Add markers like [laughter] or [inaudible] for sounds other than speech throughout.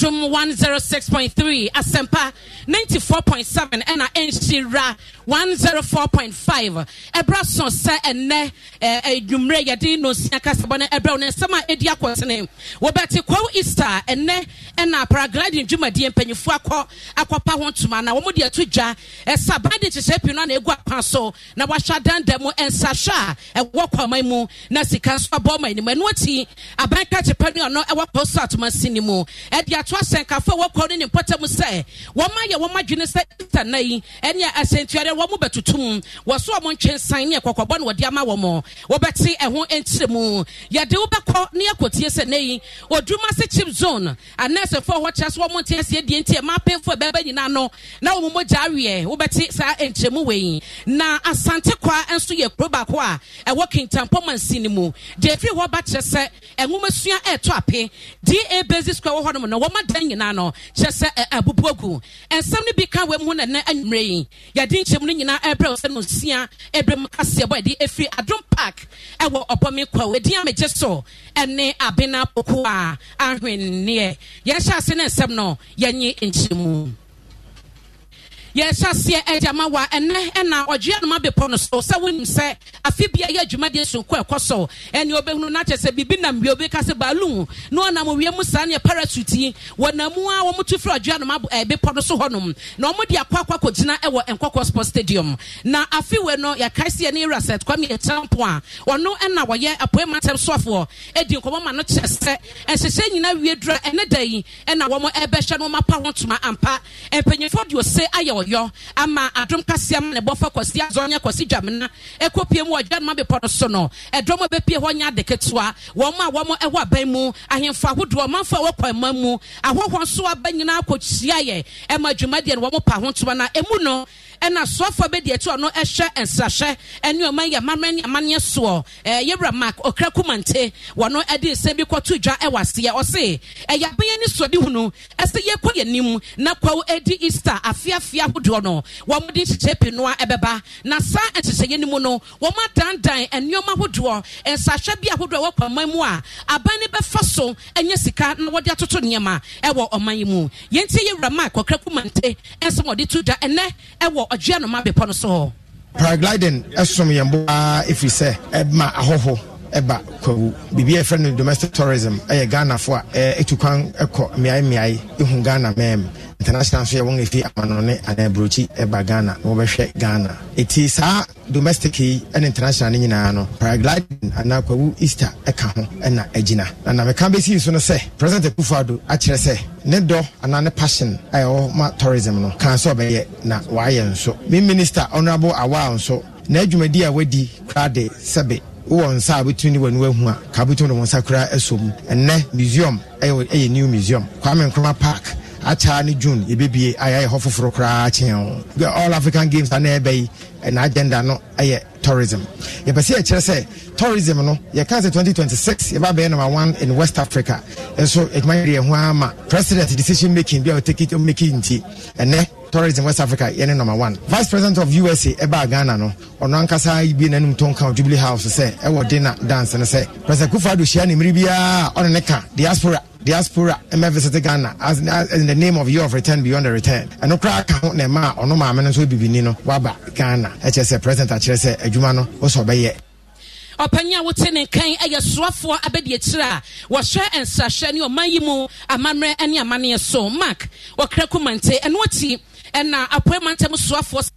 dwom 106.3 Asempa 94.7 Ena ɛnhyira 104.5 ɛberɛ so sɛ ɛnɛ adwummerɛ yɛde nonsia kasabɔ no ɛberɛ wo ne nsɛm edia kwa sene wɔbɛte kwa easter ene ena paragliding Juma mpanyimfoɔ akɔ akɔpa ho ntoma pa wɔn de ato dwa ɛsa e de kyekyɛ pii no na egu na wɔahyɛ adandan mu nsahwɛ a ɛwɔ kɔman na sika nso abɔ ɔma abanka ɛno akyi aban kakyepa nua no ɛwɔ mu ato asɛnkafo a wɔkɔ ne ne mpɔtam sɛ wɔma yɛ wɔma dwene sɛ ta na yi ɛne asɛntuadeɛ wɔn mu bɛtutum wɔso wɔn ntwɛnsan ne ɛkɔkɔbɔ na wɔde ama wɔn wɔbɛte ɛho ntire mu yɛde wobɛkɔ ne akɔtie sɛ na yi oduma se chip zone anɛsɛfoɔ hɔ kyerɛ so wɔn nte aseɛ die nti ɛma apɛnfoɔ nyinaa no na wɔn mu gya awiɛ wɔbɛte saa nkyerɛ mu wɔ na asante kwa nso yɛ kuro baako a ɛwɔ kintampɔ mansi mu deɛ efiri hɔ ba kyerɛ sɛ ɛnwomasua ɛɛtɔ ape da basis kura wɔ hɔ nom no wɔma dan nyinaa no hyɛ sɛ abubu agu nsɛm no bi ka wɔ mu na nɛ anwummerɛ yi yɛde nkyɛm no nyinaa ɛbrɛ sɛ no sia ɛbrɛ mu kaseɛ bɔ ɛde ɛfiri adom park ɛwɔ ɔbɔme kwa ɛdin amagye so ɛne abena poko a ahwenneɛ yɛhyɛ ase no nsɛm no yɛnye nkyɛmu yɛhyɛ aseɛ ɛde wa ɛnɛ ɛna ɔdua anoma bepɔ no so sɛ wonim sɛ afe bi a ɛyɛ adwumadeɛ sonko ɛkɔ so ɛne ɔbɛhunu no akyɛ sɛ biribi nam wie obi ka sɛ baalu na ɔnam owia mu saa ne parasut yi wɔnam a wɔmotu firi ɔdua anoma bepɔ no so hɔnom na ɔmode akɔ akɔ akɔgyina ɛwɔ nkɔkɔ sport stadium na afewe no yɛkae sɛ ne raset kwame yɛtampo a ɔno ɛna wɔyɛ apoema tɛm soafoɔ ɛdi nkɔmmɔ ma no kyerɛ sɛ ɛhyehyɛ nyina wie dura ɛne da yi ɛna wɔm ɛbɛhwɛ no wɔmapa ho ntoma ampa mpanyimfoɔ deɛ ɔse ayɛ ɔyɔ ama adom kaseɛ ma ne bɔfa kɔsi azɔnyɛ kɔsi dwamena ɛkɔpie mu ɔgya noma bepɔ no so no ɛdɔm a ɛbɛpie hɔ nyɛ ade ketewa wɔn a wɔn ɛwɔ abɛn mu ahemfo ahodoɔ ɔmanfo a wɔkɔ ɛma mu ahɔhoɔ nso aba nyinaa kɔhyia yɛ ɛma dwumadeɛ no wɔn pa ho na ɛmu no ɛna asɔfo bɛdi akyi ɔno ɛhyɛ nsrahyɛ ɛne ɔman yɛ amamani amanneɛ soɔ ɛɛ yɛwura mark okra kumante wɔn ɛde nsɛm bi kɔto dwa ɛwɔ aseɛ ɔse ɛyɛ abɛyɛ ne sɔde hunu ɛsɛ yɛkɔ yɛn nim na kwaw edi easter afiafia ahodoɔ no wɔn de nhyehyɛ pinua ɛbɛba na saa nhyehyɛ yɛn mu no wɔn adandan nneɛma ahodoɔ nsrahyɛ bi ahodoɔ ɛwɔ kɔman mu a aban ne bɛfa so ɛnyɛ sika na wɔde atoto nneɛma ɛwɔ ɔman yi mu yɛn ti yɛwura mark okra kumante ɛnsɛm ɔde to ɔdua no ma bepɔ no so hɔ paragliding ɛsom yɛn bo paa ɛfiri sɛ ɛma ahɔho ɛba kwawu biribi a yɛfrɛ no domestic tourism ɛyɛ ghanafoɔ eh, eh, a ɛtu kwan ɛkɔ mmeaemmeae ɛhu ghana mam international nso yɛ wɔn amanɔne anaa burokyi ɛba ghana na wɔbɛhwɛ ghana ɛti saa domestic yi ne international no nyinaa no paragliding anaa kwawu easter ɛka ho ɛna agyina na na meka bɛsii so no sɛ president akufoado e akyerɛ sɛ ne dɔ anaa ne passion a ɛwɔ ma tourism no kaa sɛ ɔbɛyɛ na waayɛ nso me minister honorable awa nso na n'adwumadi a wadi koraa de sɛbe wowɔ nsa a wobɛtumi ne w'ani wahu a ka wobɛtumi ne wo nsa koraa asɔ mu ɛnnɛ museum ɛyɛ new museum kwame nkroma park akyɛa ne june yɛbɛbie ayɛyɛ hɔ foforɔ koraa kyeɛ ho all african games ana ɛbɛyi na agenda no ɛyɛ tourism yɛpɛ sɛ yɛkyerɛ sɛ tourism no yɛka sɛ 2026 yɛba bɛyɛ number one in west africa nso e adwuma e yɛde yɛ ho ama president decision making bi ɔmaki nti ɛnɛ tourism west africa yɛne number one vice president of usa ɛbaa e ghana no ɔno ankasa bi nanom tɔn ka house sɛ ɛwɔ dinner dance no sɛ president kufa adohyia ne mmere biara ɔne ne ka diaspora diaspora ɛmɛ visit ghana as, as in the name of year of return beyond the return ɛno no ka ho na ɛma a ɔno maame no nso bibini no waba ghana ɛkyerɛ sɛ president akyerɛ sɛ adwuma no wosɛ ɔbɛyɛ ɔpanyin a wote ne nkan yɛ soafoɔ abɛdi akyire a wɔhwɛ nsrahwɛ ne ɔman yi mu amammerɛ ne amanneɛ so mark wɔkra kumante ɛno ena ɛna apoe mantam soafoɔ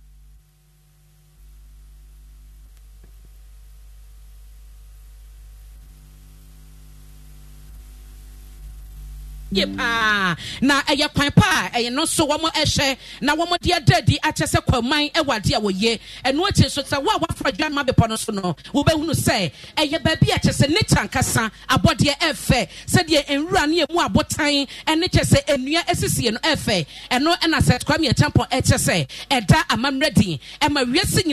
yie paa na ɛyɛ kwan paa ɛyɛ no nso wɔn ɛhyɛ na wɔn de ɛda adi akyɛ sɛ kɔman ɛwɔ adeɛ a wɔyɛ ɛno akyi nso sɛ wɔn a wɔafra dwanma bepɔ no so no wɔbɛhunu sɛ ɛyɛ baabi a kyɛ sɛ nature nkasa abɔdeɛ ɛɛfɛ sɛdeɛ nwura ne emu abotan ɛne kyɛ sɛ nnua esisi yɛn no ɛɛfɛ ɛna sɛ kwame ɛkyɛnpɔ ɛkyɛ sɛ ɛda amammerɛ ɛma wiase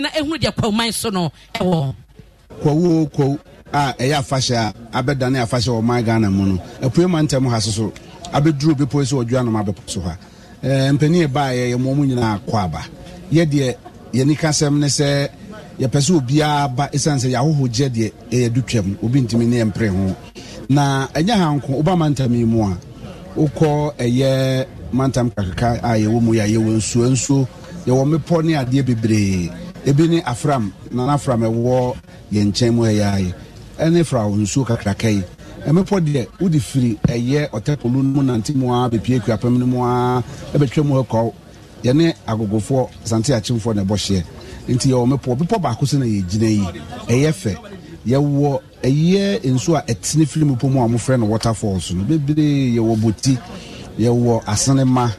abɛduru bepɔ sɛ ɔdwa nom abɛpɔ so hɔ eh, a mpanin ɛbaeɛ yɛmmoɔ mu nyinaa kɔ aba yɛdeɛ yɛnikasɛm ne sɛ yɛpɛ sɛ obiaa ba ɛsiane sɛ yɛahoho gye deɛ ɛyɛ do obi ntumi ne ɛmpere ho na ɛnyɛ hanko woba mantam yi mu a wokɔ ɛyɛ mantam kakaka a yɛwɔ mu yɛ nsuo nsuo yɛwɔ mmepɔ ne adeɛ bebree ebi ne afram nana afram ɛwɔ yɛn nkyɛn mu ɛyɛ ayɛ ɛne fra nsuo kakraka yi mmepɔ deɛ wode firi ɛyɛ ɔtɛpolu mu nante mu a bɛpie kuapɛm no mu a ɛbɛtwa mu ɛkɔ yɛne agogofoɔ sante akyemfoɔ na ɛbɔ hyeɛ nti yɛwɔ mmepɔ bepɔ baako so na yɛgyina yi ɛyɛ fɛ yɛwɔ ɛyɛ nsuo a ɛtene firi mu pɔ mu a wɔfrɛ no waterfalls no bebree yɛwɔ boti yɛwɔ asenema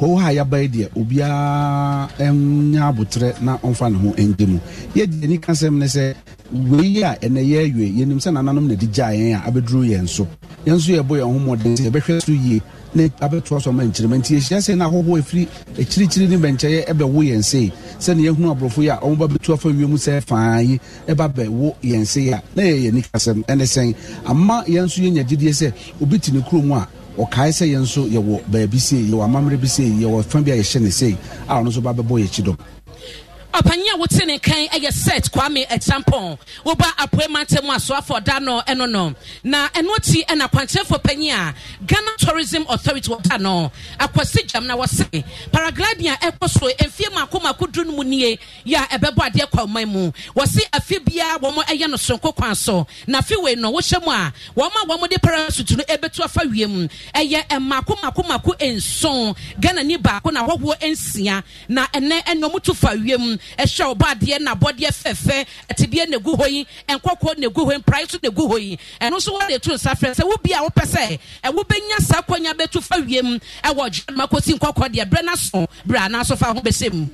hoo ha yɛabae deɛ obiara ɛnyɛ abotrɛ na ɔmfa ne ho ɛngye mu yɛdeɛ ani ka sɛm ne sɛ wei a ɛnɛ yɛawie yɛnim sɛ nananom na de gyaa yɛn a abɛduru yɛn so yɛn nso yɛbɔ yɛn ho mmɔden sɛ yɛbɛhwɛ so yie na abɛtoa so ama nkyerɛma nti yɛhyia sɛ no ahɔhoɔ ɛfiri akyirikyiri ne bɛnkyɛeɛ ɛbɛwo yɛn sei sɛne yɛhunu aborɔfo yi a ɔmoba bɛtu afa wie mu sɛ faa yi ɛba bɛwo yɛn sei a na yɛyɛ nikasɛm ɛne sɛn ama yɛn nso yɛnya gyidie sɛ obi te ne kurom a ɔkae sɛ yɛn nso yɛwɔ baabi sei yɛwɔ amammerɛ bi sei yɛwɔ fa bi a yɛhyɛ ne sei a ɔno nso ba bɛbɔ yɛkyi dɔm ɔpanyin a wote ne kan yɛ set kwame ɛkyampɔn woba apoemantam asoafo da no ɛno no na ɛno ti ɛna kwankyerɛfo panyin a ghana tourism authority wɔda no akwasi gyam na wɔse paragliding a ɛkɔ so mfie mako mako duru no mu nie yɛ a ɛbɛbɔ adeɛ kɔ ɔman mu wɔse afi biara wɔn ɛyɛ no sonko kwan so na afi wei no wohyɛ mu a wɔn a wɔn de parasuit no ɛbɛtu afa wiem ɛyɛ mako mako mako nson ghana ni baako na ahɔhoɔ nsia na ɛnɛ ɛnna wɔn tu fa wiem ɛhyɛ ɔba adeɛ na abɔdeɛ fɛfɛ ɛtideɛ na egu hɔ yi nkɔkɔɔ na egu hɔ yi prae so na egu hɔ yi ɛno nso wɔde tu nsa fɛ sɛ wobi a wopɛ sɛ ɛwo bɛnya saa akɔnya bɛtu fa wiem ɛwɔ dwuma kosi nkɔkɔɔ deɛ brɛ n'aso brɛ anaso fa ho bɛsɛ mu.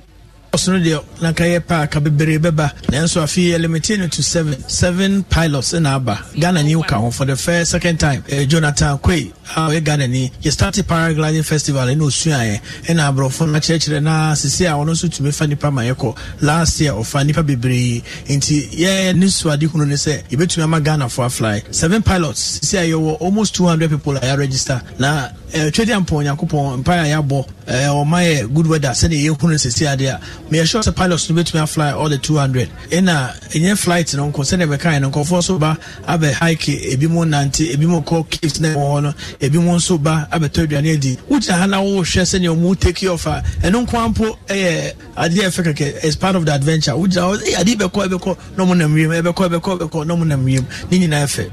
ɔsono deɛ nanka yɛ paaka bebree bɛba nanso afei yɛlimitie no to seven seven pilots na aba ghana ni ka ho for the first second time uh, jonathan kwei a ɔyɛ ghana ni yɛ start paragliding festival ɛna osuaeɛ ɛna aborɔfo no akyerɛkyerɛ na sisi a ɔno nso tumi fa nipa ma yɛkɔ last year ɔfa nipa bebree nti yɛyɛ ne suade hunu ne sɛ yɛbɛtumi ama ghana for a fly seven pilots sisi a yɛwɔ almost two hundred people a yɛ register na Eh, twɛdi ampa onyankopɔn mpae a yɛabɔ eh, ɔma yɛ good weather sɛdeɛ yɛhunu sɛsi adeɛ a meyɛ sure sɛ pilots no bɛtumi afly all the 200 ɛna ɛnyɛ flight no nko sɛdeɛ mɛkaɛ no nkɔfoɔ so ba abɛ hike ebi mu nante ebi mu kɔ caves na ɛwɔ hɔ no ebi mu nso ba abɛtɔ aduane adi wogyina ha na wohwɛ sɛdeɛ ɔmu take off a ɛno nko a mpo ɛyɛ adeɛ ɛfɛ kɛkɛ is part of the adventure wogyina hɔ adeɛ bɛkɔ ɛbɛkɔ na ɔmo nam wiem ɛbɛkɔ ɛbɛkɔ ɛbɛkɔ na ɔmo nam wiem ne nyinaa ɛfɛ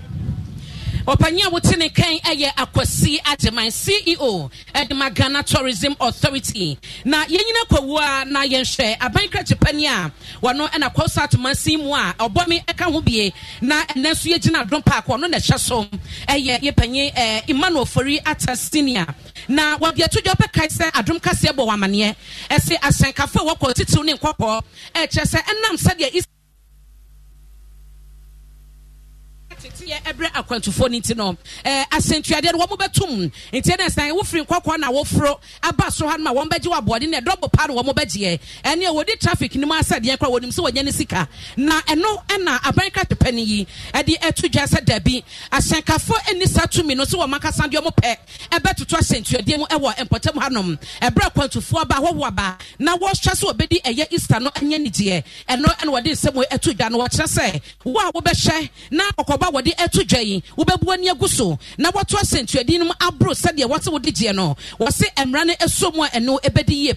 ɔpanyin a wote ne kan yɛ akwasi agyeman ceo edema ghana tourism authority na yɛn nyina kɔwua na yɛnhwɛ aban krakye pani a wɔno na kɔsa atomansin mu a ɔbɔmi ka ho bie na ɛnɛ nso yɛgyina dɔm paako ɔno na ɛhyɛ so ɛyɛ yɛ panyin ɛɛ emmanuel fori ata senior na wɔde ato dwa bɛka sɛ adom kaseɛ bɔ wɔn amaneɛ ɛsɛ asɛnkafo a wɔkɔ titiriw ne nkɔkɔɔ ɛkyɛ sɛ ɛnam sɛdeɛ is. teteɛ ɛbrɛ akwantufoɔ no nti no asɛntuadeɛ no wɔn bɛtum nti ɛna ɛsan wofiri nkɔkɔɔ na woforo aba so ha ma wɔn bɛgye wɔaboɔde na ɛdɔbɔ paa no wɔn bɛgyeɛ ɛne wɔde traffic no mu asɛdeɛ kora wɔnim sɛ wɔnyɛ ne sika na ɛno ɛna abɛnka pepɛ no yi ɛde ɛto dwa sɛ dabi ahyɛnkafo ɛni saa tumi no so wɔn akasa deɛ ɔmo pɛ ɛbɛtoto asɛntuadeɛ mu ɛwɔ mpɔtam hanom ɛbrɛ akwantufoɔ aba ahɔho na wɔhwɛ so wɔbɛdi ɛyɛ easter no ɛnyɛ nigyeɛ ɛno ɛna wɔde nsɛm ɛto dwa no wɔkyerɛ sɛ a wɔde ɛto dwa yi wobɛbu ani agu so na wɔto asɛntuadin no aboro sɛdeɛ wɔte wode gyeɛ no wɔse mmara no ɛso mu a ɛno ɛbɛdi yie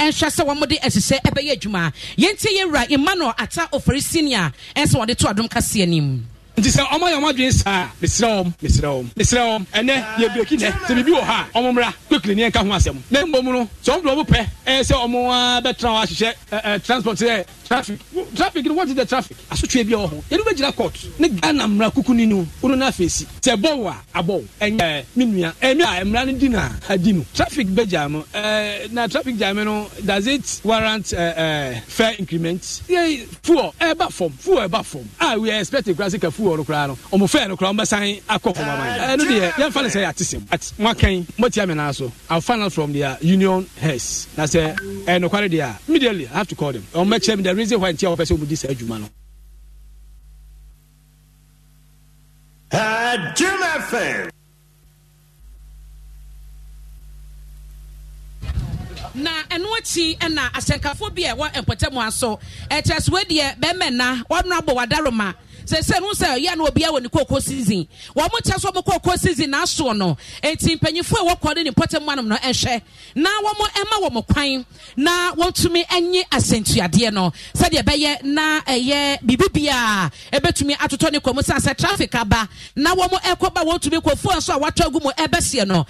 ɛnhwɛ sɛ wɔn ɛhyehyɛ ɛbɛyɛ adwuma yɛn ti emmanuel ata ofori senior ɛnso wɔde to adum kaseɛ nim. nti sɛ ɔmo ayɛ saa mesrɛ wɔm mesrɛ wɔm mesrɛ wɔm ɛnɛ yɛ nɛ sɛ biribi wɔ hɔ a ɔmo quickly ní ẹ̀ka ho asẹ̀m ne mbom no sọ wọn bọ̀ wọn pẹ ẹ sẹ ọmọ wa bẹ transport ẹ traffic traffic ni what is the traffic asotwe bi ọhún yẹn bẹ gyina court ne ghana mmira kuku ni nu wọn náà fèsì sẹ bọ wà abọ ẹnyẹ ẹ mi nua ẹmi a mmira ni di na adi mu traffic bẹ mu na traffic jà no does it warrant fair increment yẹ fuel ẹ bá fọm fuel ẹ bá fọm a we expect expecting kura sika fuel no kura no ọmọ fẹẹ no kura ọmọ bẹ san akọ fọm ọmọ deɛ yẹn ne sẹ yẹ ati sẹm ati wọn kàn mọ so i find out from their union heads na sɛ ɛnokware deɛ a immediately i have to call them ɔmo mɛkyerɛ mi the reason why n ti a wɔpɛ sɛ ɔmo di saa adwuma no. Jim na ɛno akyi ɛna asɛnkafoɔ bi a ɛwɔ mpɔtamu aso ɛkyɛ so deɛ bɛmɛ na wɔn abɔ wadaroma sese no sɛ yɛ no obiara wɔ ne kooko season wɔn mo kyɛ so mo kooko season n'asoɔ no eti mpanyinfoɔ a wɔkɔ ne ne mpɔtɛ mu anam no ɛhwɛ na wɔn ɛma wɔn kwan na wɔntumi ɛnye asɛntuadeɛ no sɛdeɛ ɛbɛyɛ na ɛyɛ biribi bia ɛbɛtumi atotɔ ne kɔn mu sɛ asɛ traffic aba na wɔn ɛkɔba wɔntumi kɔ fone so a wɔatɔ agu mu ɛbɛseɛ no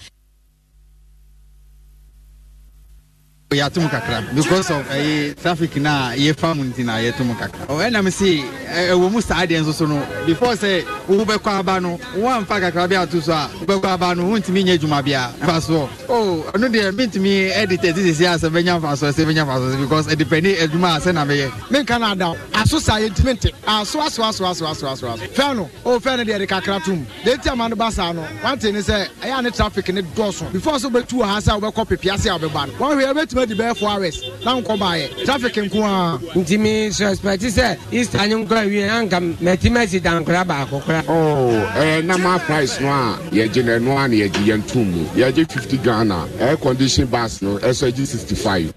yɛatom kakra because of ɛyɛ eh, traffic na yɛfa mu nti na yɛtom kakra ɛna oh, me se eh, ɛwɔ eh, mu saa deɛ nso so no before sɛ wo bɛkɔ aba no woamfa kakra bi ato so a wobɛkɔ aba no wontumi nyɛ adwuma bia mfa soɔ o ɛno deɛ mentumi ɛde tɛti sɛsi a sɛ bɛnya mfa soɔ sɛ bɛnya mfa soɔ because ɛdepɛni adwuma a sɛ na mɛyɛ menka no ada aso saa yɛntumi nte aso aso aso aso aso aso aso fɛ no o fɛ no deɛ de kakra tom deɛ ti ama no ba saa no wante ne sɛ ɛyɛ a ne traffic ne dɔɔso before so wobɛtu wɔ ha sɛ wobɛkɔ pepiase a wobɛba no wɔhwɛ yɛbɛtumi spend bɛɛ four hours na nkɔ baayɛ traffic nko ara. nti mi suspect sɛ easter anyi nkura wiye anka mɛti mɛsi dankura baako kura. ɔɔ oh, ɛɛ nama price no a yɛgye na ɛno a na yɛgye yɛn tum mu yɛgye fifty ghana air condition bus no ɛsɛ gye sixty five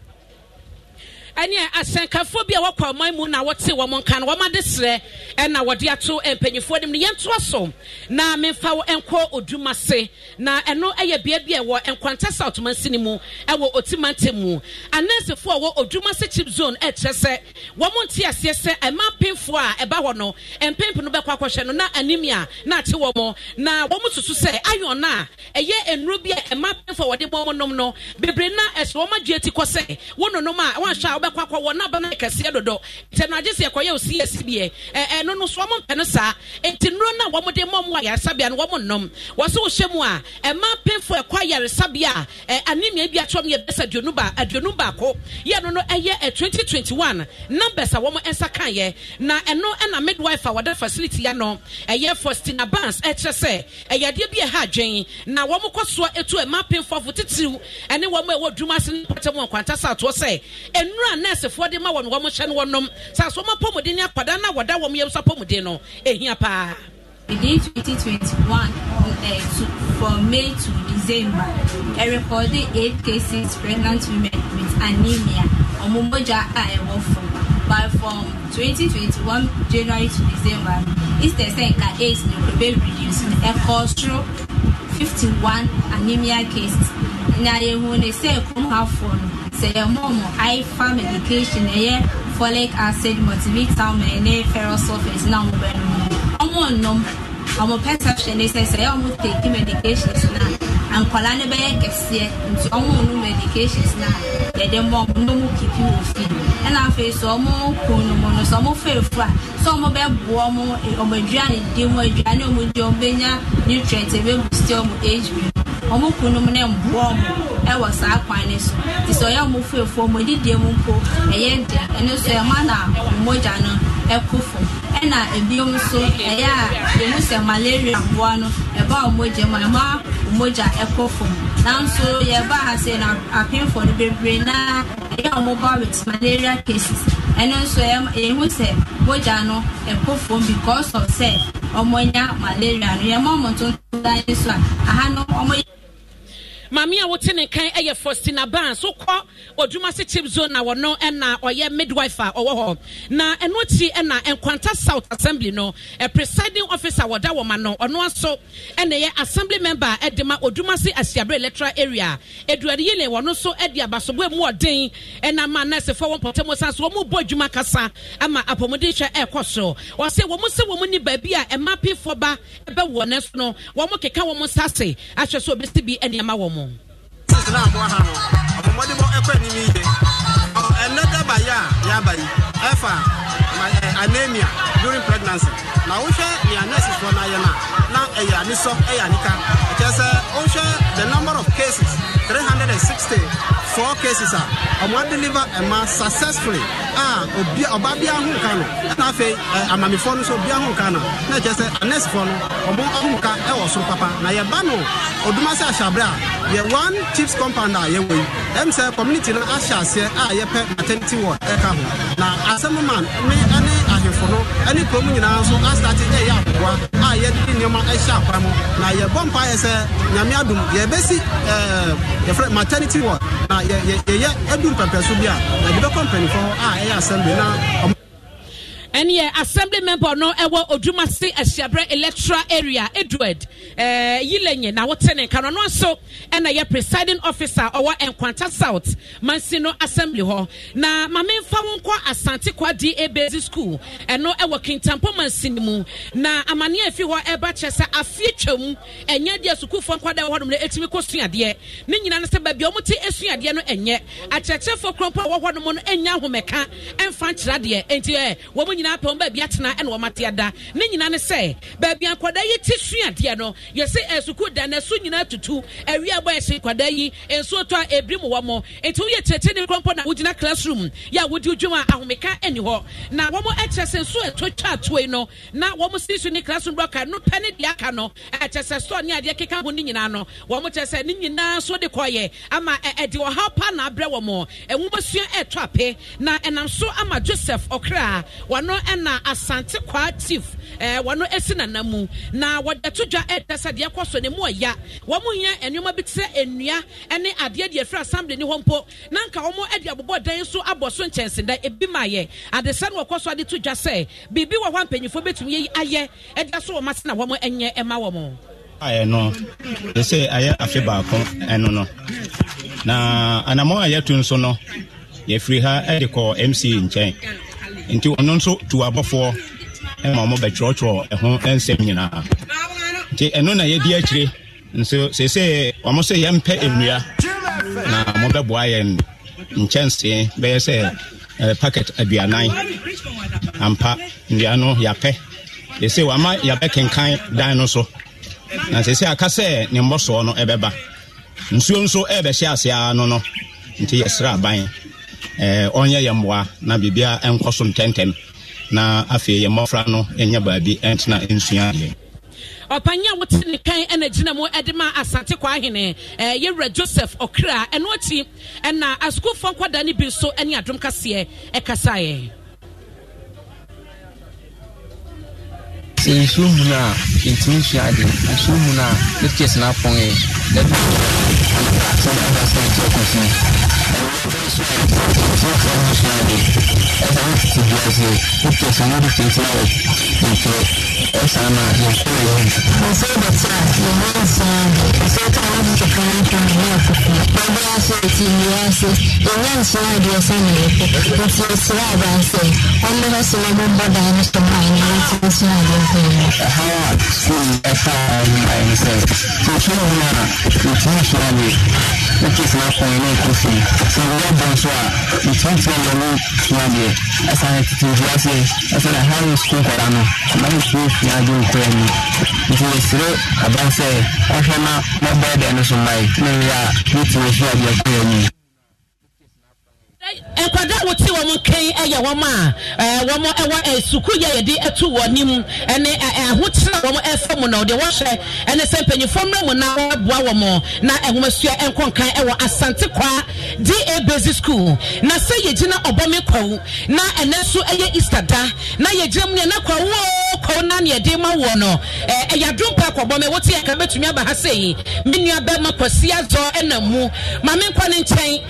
ɛne asɛnkafoɔ bi a wɔkɔ ɔman mu na wɔte wɔn nka no wɔn ade serɛ ɛna wɔde ato mpanyinfoɔ no yɛn toa so na mefa wɔ nkɔ oduma se na ɛno yɛ bea bi a ɛwɔ nkwanta south mansini mu ɛwɔ otimante mu anɛnsefoɔ a wɔwɔ oduma se chip zone ɛkyerɛ sɛ wɔn nte aseɛ sɛ ɛma mpemfoɔ a ɛba hɔ no mpempo no bɛkɔ akɔhwɛ no na anemia na ate wɔn na wɔn soso sɛ ayɔn na ɛyɛ nnuro bi a ɛma mpemfoɔ wɔde na ɛsɛ wɔn adua ti kɔ sɛ wɔn a wɔn akɔ akɔ wɔn n'aba no yɛ kɛseɛ dodo nti no agye sɛ yɛkɔyɛ osi esi deɛ ɛɛ eh, ɛno eh, no so wɔn mpɛ no saa nti nnuro no a wɔn de mɔmu ayaresabea no wɔn nom wɔsɛ wɔhyɛ mu a ɛmaa eh, mpɛnfo ɛkɔ ayaresabea ɛɛ anemia bi atwam yɛ bɛsɛ aduonu ba aduonu baako yɛ no no ɛyɛ ɛ numbers a wɔn nsa kan na ɛno ɛna midwife a wɔde facility yɛ no ɛyɛ faustina bans ɛkyerɛ sɛ ɛyɛ adeɛ bi ɛha adwen na wɔn kɔ soɔ etu ɛmaa mpɛnfo afo titiriw ɛne wɔn a ɛwɔ dwuma ase ne pɔtɛ mu nkwanta saatoɔ sɛ nnura a nursefoɔ de ma wɔn wɔn hyɛ no wɔnom eh, saa so ɔmo apɔmuden ne akwadaa na wɔda wɔn yam so apɔmuden no 2021, eh, from May to December, I recorded eight cases pregnant women with anemia, ọmọ mọ́jà I fún but from 2021 January to December instance nka AIDS no kò bẹ reduce ẹkọ soro 51 anemia cases na yẹn hu ne sẹ ẹkọm afọ no sẹ yẹn mọ ọmọ ifa medication ẹyẹ folic acid multivitamin ne ferrous sulfate na ọmọ bẹ no ọmọ nnọm wɔn perception ne sɛ sɛ ɛyɛ wɔn take medications na nkwadaa no bɛyɛ kɛseɛ nti wɔn wɔn medications na yɛde mbɔ wɔn na wɔn kipi wɔn fi ɛna afei sɛ wɔn kun no mu no sɛ wɔn fɛɛfu a sɛ wɔn bɛboa wɔn wɔn aduane di wɔn aduane wɔn di wɔn bɛnya nutrient ɛbɛ e boost wɔn age bi wɔn kun no mu na mboa e wɔn ɛwɔ saa kwan ne so te sɛ ɔyɛ wɔn fɛɛfu wɔn adidie mu mpo ɛyɛ den ɛno nso ɛma na wɔn mogya no ɛkɔ fam ɛna ebinom nso ɛyɛ a yɛn sɛ malaria mboa no ɛba ɔmogya mu ɛma ɔmogya ɛkɔ fam nanso yɛba ha sɛ na apemfo no bebree na ɛyɛ a wɔba with malaria cases ɛno nso yɛn ho sɛ mogya no ɛkɔ fam because of sɛ wɔnya malaria no yɛn mo ɔmo ntontan so a aha no wɔyɛ maame a wote ne kan yɛ faustina ban so kɔ odwuma se chip zone na wɔno na ɔyɛ midwife a ɔwɔ hɔ na ɛno akyi na nkwanta south assembly no a presiding officer wɔda wɔ ma no ɔno nso na ɛyɛ assembly member a ɛde ma odwuma se asiabere electoral area eduane yile wɔno nso de abasobɔ mu ɔden na ma nursefoɔ wɔn pɔtɛm sa so wɔn bɔ adwuma kasa ama apɔmudenhwɛ ɛrekɔ so wɔsɛ wɔn sɛ wɔn ni baabi a ɛma pifo ba ɛbɛwɔ ne so no wɔn keka wɔn nsa se ahwɛ so obesi bi nneɛma wɔn things na abɔ ha no abɔmmɔde ɛnɛ daba yɛ a yɛaba yi ɛfa anemia during pregnancy na wohwɛ nea nursefoɔ no ayɛ no a na ɛyɛ anisɔ ɛyɛ anika ɛkyɛ sɛ wohwɛ the number of cases 364 cases a ɔmo adeliver ɛma successfully ah, eh, eh, a obi ɔbaa bi ahonka no ɛna afei amamefoɔ no nso obi ahonka no na ɛkyɛ sɛ anursefoɔ no ɔmo ahonka ɛwɔ eh, soro papa na yɛba no oduma sɛ ahyɛaberɛ a yɛ one chips compound a yɛwɔ yi ɛm sɛ community no ahyɛ aseɛ a yɛpɛ maternity ward ɛka ho na asɛm ma me ne ahemfo no ne kurom nyinaa nso astate ɛyɛ eh, aboa a ah, yɛde nneɛma ɛhyɛ eh, akwa mu na yɛbɔ mpa ah, yɛ sɛ nyame adom yɛbɛsi eh, yɛfrɛ maternity ward na yɛyɛ aduru pɛpɛ so bi a yɛde bɛkɔ mpanimfoɔ hɔ a ɛyɛ asɛm bi na ɔmo ɛneɛ uh, assembly member no ɛwɔ odwuma se ahyiaberɛ electoral area edward ɛɛ eh, yilenye na wɔte ne nka no ɔno nso ɛna yɛ presiding officer ɔwɔ nkwanta south mansi no assembly hɔ na maame nfa ho nkɔ asante kwa da basic school ɛno ɛwɔ kintampo mansi no mu na amaneɛ efi hɔ ɛba kyerɛ sɛ afie twam ɛnyɛ deɛ sukuufoɔ nkwadaa wɔ hɔ nom na etumi kɔ suadeɛ ne nyinaa no sɛ baabi a wɔn te suadeɛ no ɛnyɛ akyerɛkyerɛfoɔ kurɔmpo a wɔwɔ hɔ nom no ɛnya ahomeka ɛnfa nkyerɛ adeɛ nti ɛɛ wɔn nyinaa pɛ wɔn baabi atena ɛna wɔn ate ada ne nyinaa ne sɛ baabi akwadaa yi ti sua adeɛ no yɛsɛ ɛsukuu eh, da na ɛso nyinaa tutu ɛwia bɔ ɛhyɛ akwadaa yi nsuo tɔ a ebiri mu wɔ mo nti woyɛ tiɛtiɛ ne nkorɔmpɔ na wogyina classroom yɛ a wodi dwuma ahomeka ɛni hɔ na wɔn ɛkyerɛ sɛ nsuo ɛtɔ twa atoe no na wɔn si so ne classroom dɔka no pɛ ne deɛ aka no ɛkyɛ sɛ store ne adeɛ keka ho ne nyinaa no wɔn kyerɛ sɛ ne nyinaa so de kɔɔyɛ ama ɛde ɔhaw paa na abrɛ wɔn ɛnwoma sua ɛtɔ apɛ na ɛnam so ama joseph Okra wɔn no na asante kwaa tif ɛɛ wɔn esi nana mu na wɔto dwa ɛda sɛ deɛ kɔ so ne mu ɔya wɔn nyɛ nneɛma bi te sɛ nnua ne adeɛ deɛ fira assembly ne hɔ mpo na nka so abɔ so nkyɛnsedan ebi ma yɛ adesɛn wɔ so ade to dwa sɛ biribi wɔ hɔ a mpanyinfoɔ betumi yɛ ayɛ ɛda so wɔn ase na ayɛ no de sɛ ayɛ afe baako ɛno no na anamɔ a yɛto nso no yɛfiri ha de kɔ mca nkyɛn nti ɔno nso tu abɔfoɔ ma ɔmo bɛtwerɛtwerɛ ɛho nsɛm nyinaa nti ɛno na yɛdi akyire nso sese ɔmo sɛ yɛmpɛ nnua na ɔmo bɛboa yɛn nkyɛnsee bɛyɛ sɛ ɛɛ packet aduanan ampa nnua no yɛapɛ sese wama yɛabɛkenkan dan no so na sese aka sɛ ne mbɔsoɔ no ɛbɛba nsuo nso ɛɛbɛhyɛ ase ara no no nti yɛsrɛ aban ɔnyɛ eh, yɛ mmoa na biribia nkɔ so ntɛntɛm na afei yɛ mmɔfra no nyɛ baabi ntena nsua deɛ ọpanyin a wote ne kan ɛna gyina mu ɛde ma asante kwa ahene ɛɛ eh, yɛwura joseph okra ɛno akyi ɛna asukuufoɔ nkwadaa no bi nso ɛne adom kaseɛ ɛkasaeɛ. sɛ nsuo hunu a ntumi nsua ade nsuo hunu a ne tears na apɔn yɛ na bi asɛm asɛm kyerɛ kɔsi ɛnɛ bɛyɛ sɛ ntumi nsua ade ɛsan kudi a yɛwɔ de ɔsɛ ká wɔn kɛkɛ wɔn tó na yɛ a deɛ ɛsan na yɛkɔ nti ɛsrɛ aba ase ɔmo hɛ sɛ wɔn bɔ dan no a yɛn nti nsan a deɛ a sukuu ɛfa a wɔn ayɛ no sɛ tuntun wɔn a tuntun nsan de wotu ɛsan akɔn yɛn na ɛkɔ fi sɛ wɔn bɔ nso a tuntun nsan yɛn no ɛsan titiri ase ɛsan ɛha no sukuu nkɔla no ɛma no sukuu fia de nkɔla mu nti yɛsere aban sɛ ɔhwɛ na mɔbɔ ɛdɛ no so mmae na yɛ a ne tiri fi adeɛ kɔla mu. nkwadaa wote wɔn nkan yɛ wɔn a wɔn ɛwɔ yɛ yɛde atu wɔn anim ɛne ahotena wɔn ɛfɛ mu na ɔde wɔhyɛ ɛne sɛ mpanyinfoɔ mmerɛ na wɔn na asante kwa da school na sɛ yɛgyina ɔbɔmi na ɛnɛ nso yɛ easter da na yɛgyina mu na na ne yɛde ma wɔn no ɛɛ ɛyɛ ɔbɔmi wɔte kama tumi aba ha sɛ yi me nua bɛrima azɔ ɛnam mu maame ne nkyɛn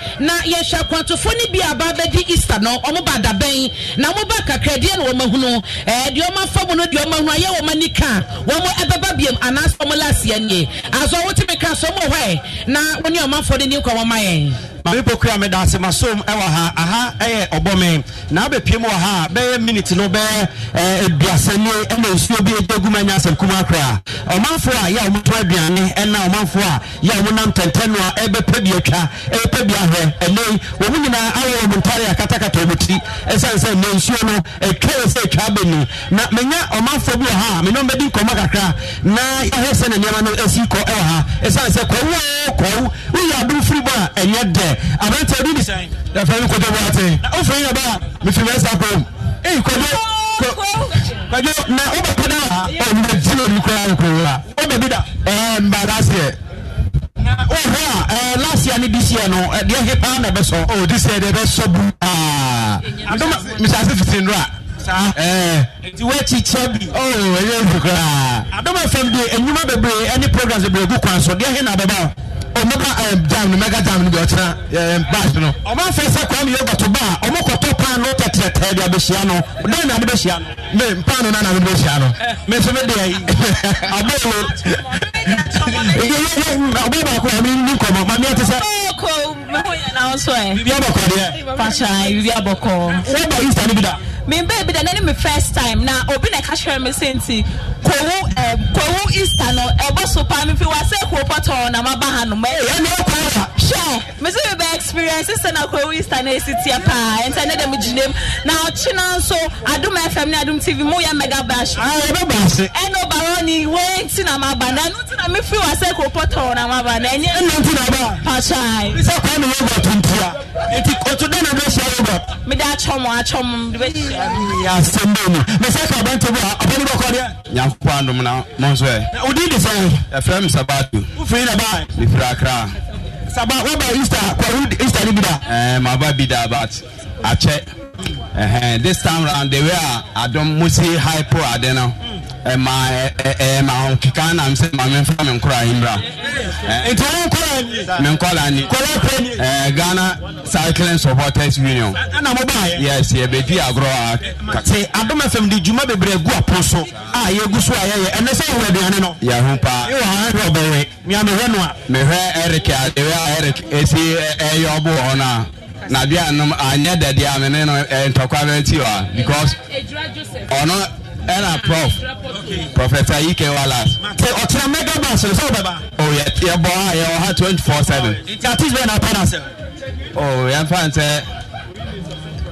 na aba abɛdi easter no ɔmo ba adabɛn na ɔmo ba kakra deɛ na ɔmo ahunu ɛɛ deɛ ɔmo afa mu no deɛ ɔmo ahunu ayɛ ɔmo ani ka ɔmo ɛbɛba biem anaasɛ ɔmo laaseɛ nie azɔ wotu mi ka so ɔmo wɔ hɔ na wɔn ɔmo afɔ ne ni nkɔ wɔn ayɛ. maame pokura mi daase ma som ɛwɔ ha aha ɛyɛ ɔbɔmi na abɛpie mu wɔ ha bɛyɛ miniti no bɛyɛ ɛɛ eduasa nie ɛna nsuo bi egu mu anya asɛm kuma akora ɔmanfo a yɛ a wɔn to aduane ɛna ɔmanfo a yɛ a wɔn nam tɛntɛn no a ɛbɛpɛ bi atwa ɛbɛpɛ bi ahwɛ ɛnɛ wɔn nyinaa ayɛ wɔn ntare akatakata wɔn ti ɛsan sɛ ne nsuo no ɛtwa sɛ ɛtwa abɛni na menya ɔmanfoɔ bi wɔ ha a menya wɔn bɛdi nkɔmɔ kakra na yɛahwɛ sɛ ne nneɛma no ɛsi kɔ ɛwɔ ha ɛsan sɛ kɔwu o kɔwu woyɛ abo firi bɔ a ɛnyɛ dɛ aberanteɛ bi ni sɛn yɛfɛ mi kɔtɔ bɔ ate na ofin yɛ ba mifiri mɛ nsa kɔm ee kɔjɔ kɔjɔ na wobɛkɔ da a ɔnubɛgyina obi koraa nkowa wobɛbi da ɛɛ ɔhɔ a eh, last year ne this year no deɛ he paa na ɛbɛsɔ. o oh, this year deɛ ɛbɛsɔ bu paa ah. adoma misase fiti nura. saa eh. nti wɔakyikyia bi. ɔɔ oh, ɛyɛ nfukura. adoma fam de enyuma bebree ɛne programs bebree gu kwan so deɛ he na abɛba o ọmọ ka ẹ eh, jam ni mẹga jam ni bi ọtena ẹ baasi no. ọmọ afẹ sẹ Kwame Yogurt ba a ọmọ kọtọ paanu tẹtẹrẹ tẹẹ bi abesia no ọdẹ na abesia no. mi paanu náà na abesia no. mi nso mi di ẹ yi abolo ọbẹ baako ọmọ ní nkọmọ maami ẹ ti sẹ. ọkọ mẹkọ yẹn náà sọ ẹ. bíbí abọkọ deɛ. fàṣà bíbí abọkọ. wọ́n bá yìí sani bi da. mi bẹ́ẹ̀ bi da nani mi first time na obi na ẹ̀ka ṣẹ́rẹ́ mi sẹ́ntì kò wú kowu easter no ɛbɔ so paa no fi wɔ asɛ kuropɔtɔ na maba ha no ma ɛyɛ ne ɛkɔ afa hwɛ mese mebɛ experience sɛ na kora wo easter na paa ɛnta ne dɛm gyina na ɔkye no nso adom fm ne adom tv moyɛ mega bash ɛne ah, obarɔne e wei nti na maba na ɛno nti na mefiri wa sɛ kuropɔtɔɔ na maba na ɛnyɛ pakyɛe mede nyankopɔn adom na mo nso ɛfrɛ me sabato wofiri na ba mefiri akra saba about easter kwaru easter ni bi da. ɛɛ eh, maa ba bi da but akyɛ ɛhɛn eh, eh, this time round they way Adam adum musi hypo adi na. Mm ɛma eh, ɛma eh, eh, keka nam sɛ maame nfa me nkora mbra nti wɔn nkora ni me nkora ni nkora pe ni ɛɛ ghana cycling supporters union ɛna mo ba yɛ yes yɛ bɛ di agorɔ a. te adum fm di juma bebree gu apon so a yɛ gu so a yɛ yɛ ɛnɛ sɛ yɛ wɔ aduane no. yahu paa yɛ wɔ ha hwɛ ɔbɛwɛ mia mi hwɛ no a. mi hwɛ eric a ewe a eric esi ɛyɛ e, e, ɔbo hɔ na na bi a nom anyɛ dɛdeɛ a mi ne no e, ntɔkwa bɛ ti hɔ because ɔno ɛna prof prɔfɛsa yi kɛ wa last. sɛ mega bus sɛ ɔbɛ ba. o oh, yɛ yɛ bɔ a yɛ wɔ twenty four seven. nti ati bɛ na pan asɛ. o yɛn fan sɛ.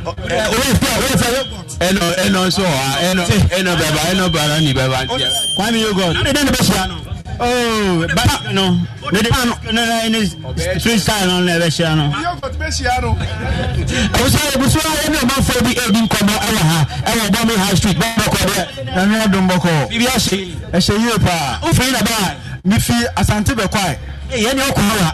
oye fɛ oye fɛ yogurt. ɛnɔ ɛnɔ sɔ wa ɛnɔ ɛnɔ bɛ ba ɛnɔ bɛ ba ni bɛ ba. kwami yogurt. n'o de den de bɛ si yan nɔ ooo basket no ne de basket no na ye street style no na ɛbɛ hyia no. ɔsɛ ebusu a ebi ɔba fɔ bi ebi nkɔmɔ ɛwɔ ha ɛwɔ bɔmi high street bɔbɔkɔ dɛ. ɛnu ɛdun bɔkɔ. bibi ahyɛ. ɛhyɛ yie paa. n fɛ yen na baa. mi fi asante bɛ kɔ a. ee yɛn ni ɔkɔ wa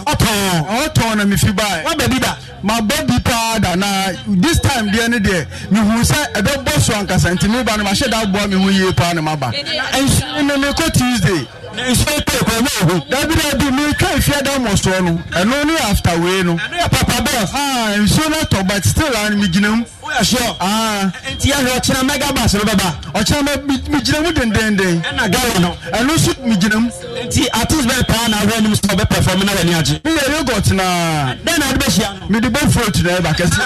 ɔtɔn ɔtɔn na mefi ba wabɛ bi da ma bɔ bi paa da na this time deɛ ne deɛ mihu sɛ ɛbɛ bɔ so ankasa nti mi ba no ma hyɛ da aboa mihu yie paa ne ma ba ɛnso ne ne ko tuesday nsuo pepa ne ehu. dabi dabi mi ka efi ada mɔsɔɔ no ɛno ne after wei no. ɛno yɛ papa bus. aa nsuo na tɔ but still aa ah, mi gyina mu. o oh, yɛ sure. aa nti yɛ hɛ ɔkyerɛ mɛga bus no bɛba. ɔkyerɛ mɛ mi gyina mu dendenden. ɛna gawa no. ɛno nso mi gyina mu. nti artist bɛɛ paa na ahwɛ anim sɛ ɔbɛ perform na wɔ ni agye. mi yɛ yogurt na. dɛn na adi bɛ hyia. mi di bɔ fruit na ɛba kɛse.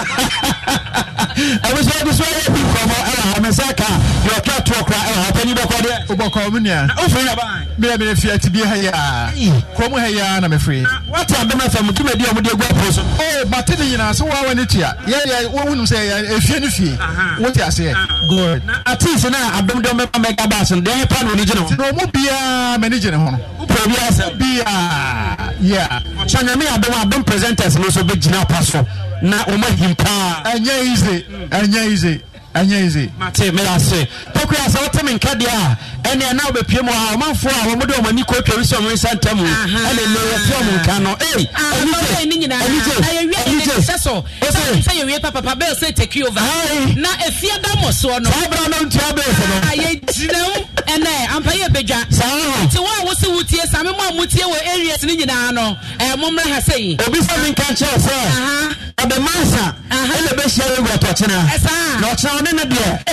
ɛbusua bi so ɛyɛ bi nkɔmɔ ɛwɔ ha mi sɛ ka yɛ ɔkɛ to ɔkura ɛwɔ ha panyin bɛkɔ deɛ. o bɔkɔ mi nia. na o fɛ yaba. mi yɛ sɛ mefi atibie ha yi a kurom ha yi a na mefiri. wate abɛn afam dwumadi a wɔde egu apɔ so. o mate ne nyinaa sɛ wɔn wani tia yɛyɛ wɔn sɛ efie ne fie wɔte aseɛ. good atiisi na abɛn dɔm bɛba mɛga baasi no deɛ ɛpa na oni gyina ho. na ɔmo biara mɛ ni gyina ho no. wopɛ obi asɛ. biara yɛ. sanyami abɛn abɛn presenters ni nso bɛ gyina pa so na wɔn ahim paa. ɛnyɛ easy ɛnyɛ easy ɛnyɛ easy. mate mmiri ase pɔkɔ yɛ sɛ ɔte mi nka deɛ a ɛnna ɛnna ɔbɛpie mu a ɔmanfoɔ a wɔn de wɔn ani kɔ twɛm sɛ ɔmo nsa ntɛm ɛnna ɛnna ɔyɛ fɛ ɔmo nka no ee anigye anigye anigye ɔsɛ sɛ yɛ wie papapa bɛyɛ sɛ take over na efia da mɔ soɔ no. saa bɛrɛ no ntua bɛyɛ fɛ no. ayɛ gyinaw ɛnɛ ampa yɛ bedwa. saa ti ne ne deɛ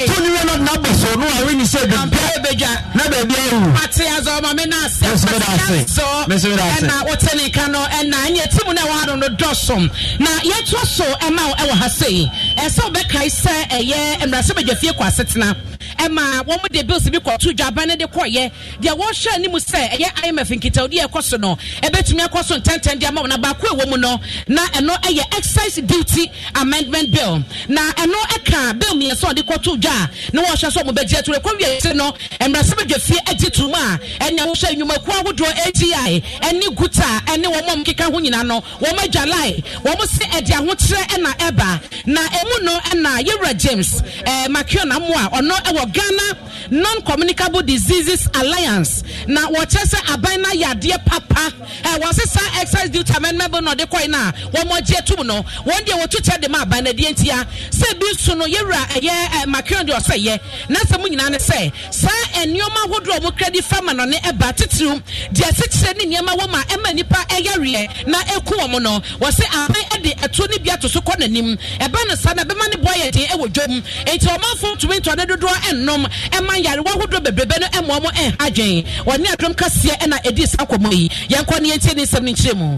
ɔto ne wɛ no naba so no awe ne sɛ bɛbia na baabi awu mate azɔ ma me no asɛɛna wote ne ka no ɛna ɛnyɛ ti mu no ɛwɔ ano no dɔsom na yɛtoa so ɛma wo ɛwɔ ha sei ɛsɛ wobɛkae sɛ ɛyɛ mmara sɛ bagyafie kɔ asetena ɛma wɔn de bills bi kɔtu dwaba ne de kɔyɛ deɛ wɔhyɛ anim sɛ ɛyɛ imf nkitaodi ɛkɔ so no ɛbɛtumi akɔ so ntɛntɛn de ama wɔn na baako ɛwɔ mu no na ɛno ɛyɛ excise duty amendment bill na ɛno ɛka bill mmiɛnsa ɔde kɔtu dwa a na wɔhyɛ so ɔmo bɛgye ato ɛkɔ wie ti no mmaransɛbɛdwa fie agye tum a ɛne wɔhyɛ nnwumakuo ahodoɔ agi ɛne guta ɛne wɔn a wɔkeka ho nyinaa no wɔn agya lai wɔn si ɛde ahokyerɛ ɛna ɛba na emu no ɛna yɛwura james ɛɛ makion amoa ɔno ɛwɔ wɔ ghana non-communicable diseases alliance na wɔkyerɛ sɛ aban no ayɛ adeɛ papa ɛwɔ eh, sɛ saa excise duty amendment no ɔde kɔe no a wɔn agye atum no wɔn deɛ wɔtu kyɛ de ma aban no adeɛ ntia sɛ bi nso no yɛwura ɛyɛ ɛ makirion deɛ ɔsɛ yɛ na sɛ mu nyinaa ne sɛ saa nneɛma ahodoɔ a wɔn kura de fama no ne ɛba titiriw deɛ sikyerɛ ne nneɛma wɔn ma ɛma nipa ɛyɛ reɛ na ɛku wɔn no wɔsɛ aban ɛde ɛtuo ne bi ato so kɔ n'anim ɛba no saa na bɛma ne bɔ yɛ den ɛwɔ dwom nti ɔmanfo tumi ntɔ ne dodoɔ ɛ ɛnnom ɛma yarewa ahodoɔ bebrebe no ɛmoa mo ɛnha dwen wɔne adom kaseɛ ɛna ɛdi saa nkɔmmɔ yi yɛnkɔ ne yɛntie ne nsɛm no nkyerɛ mu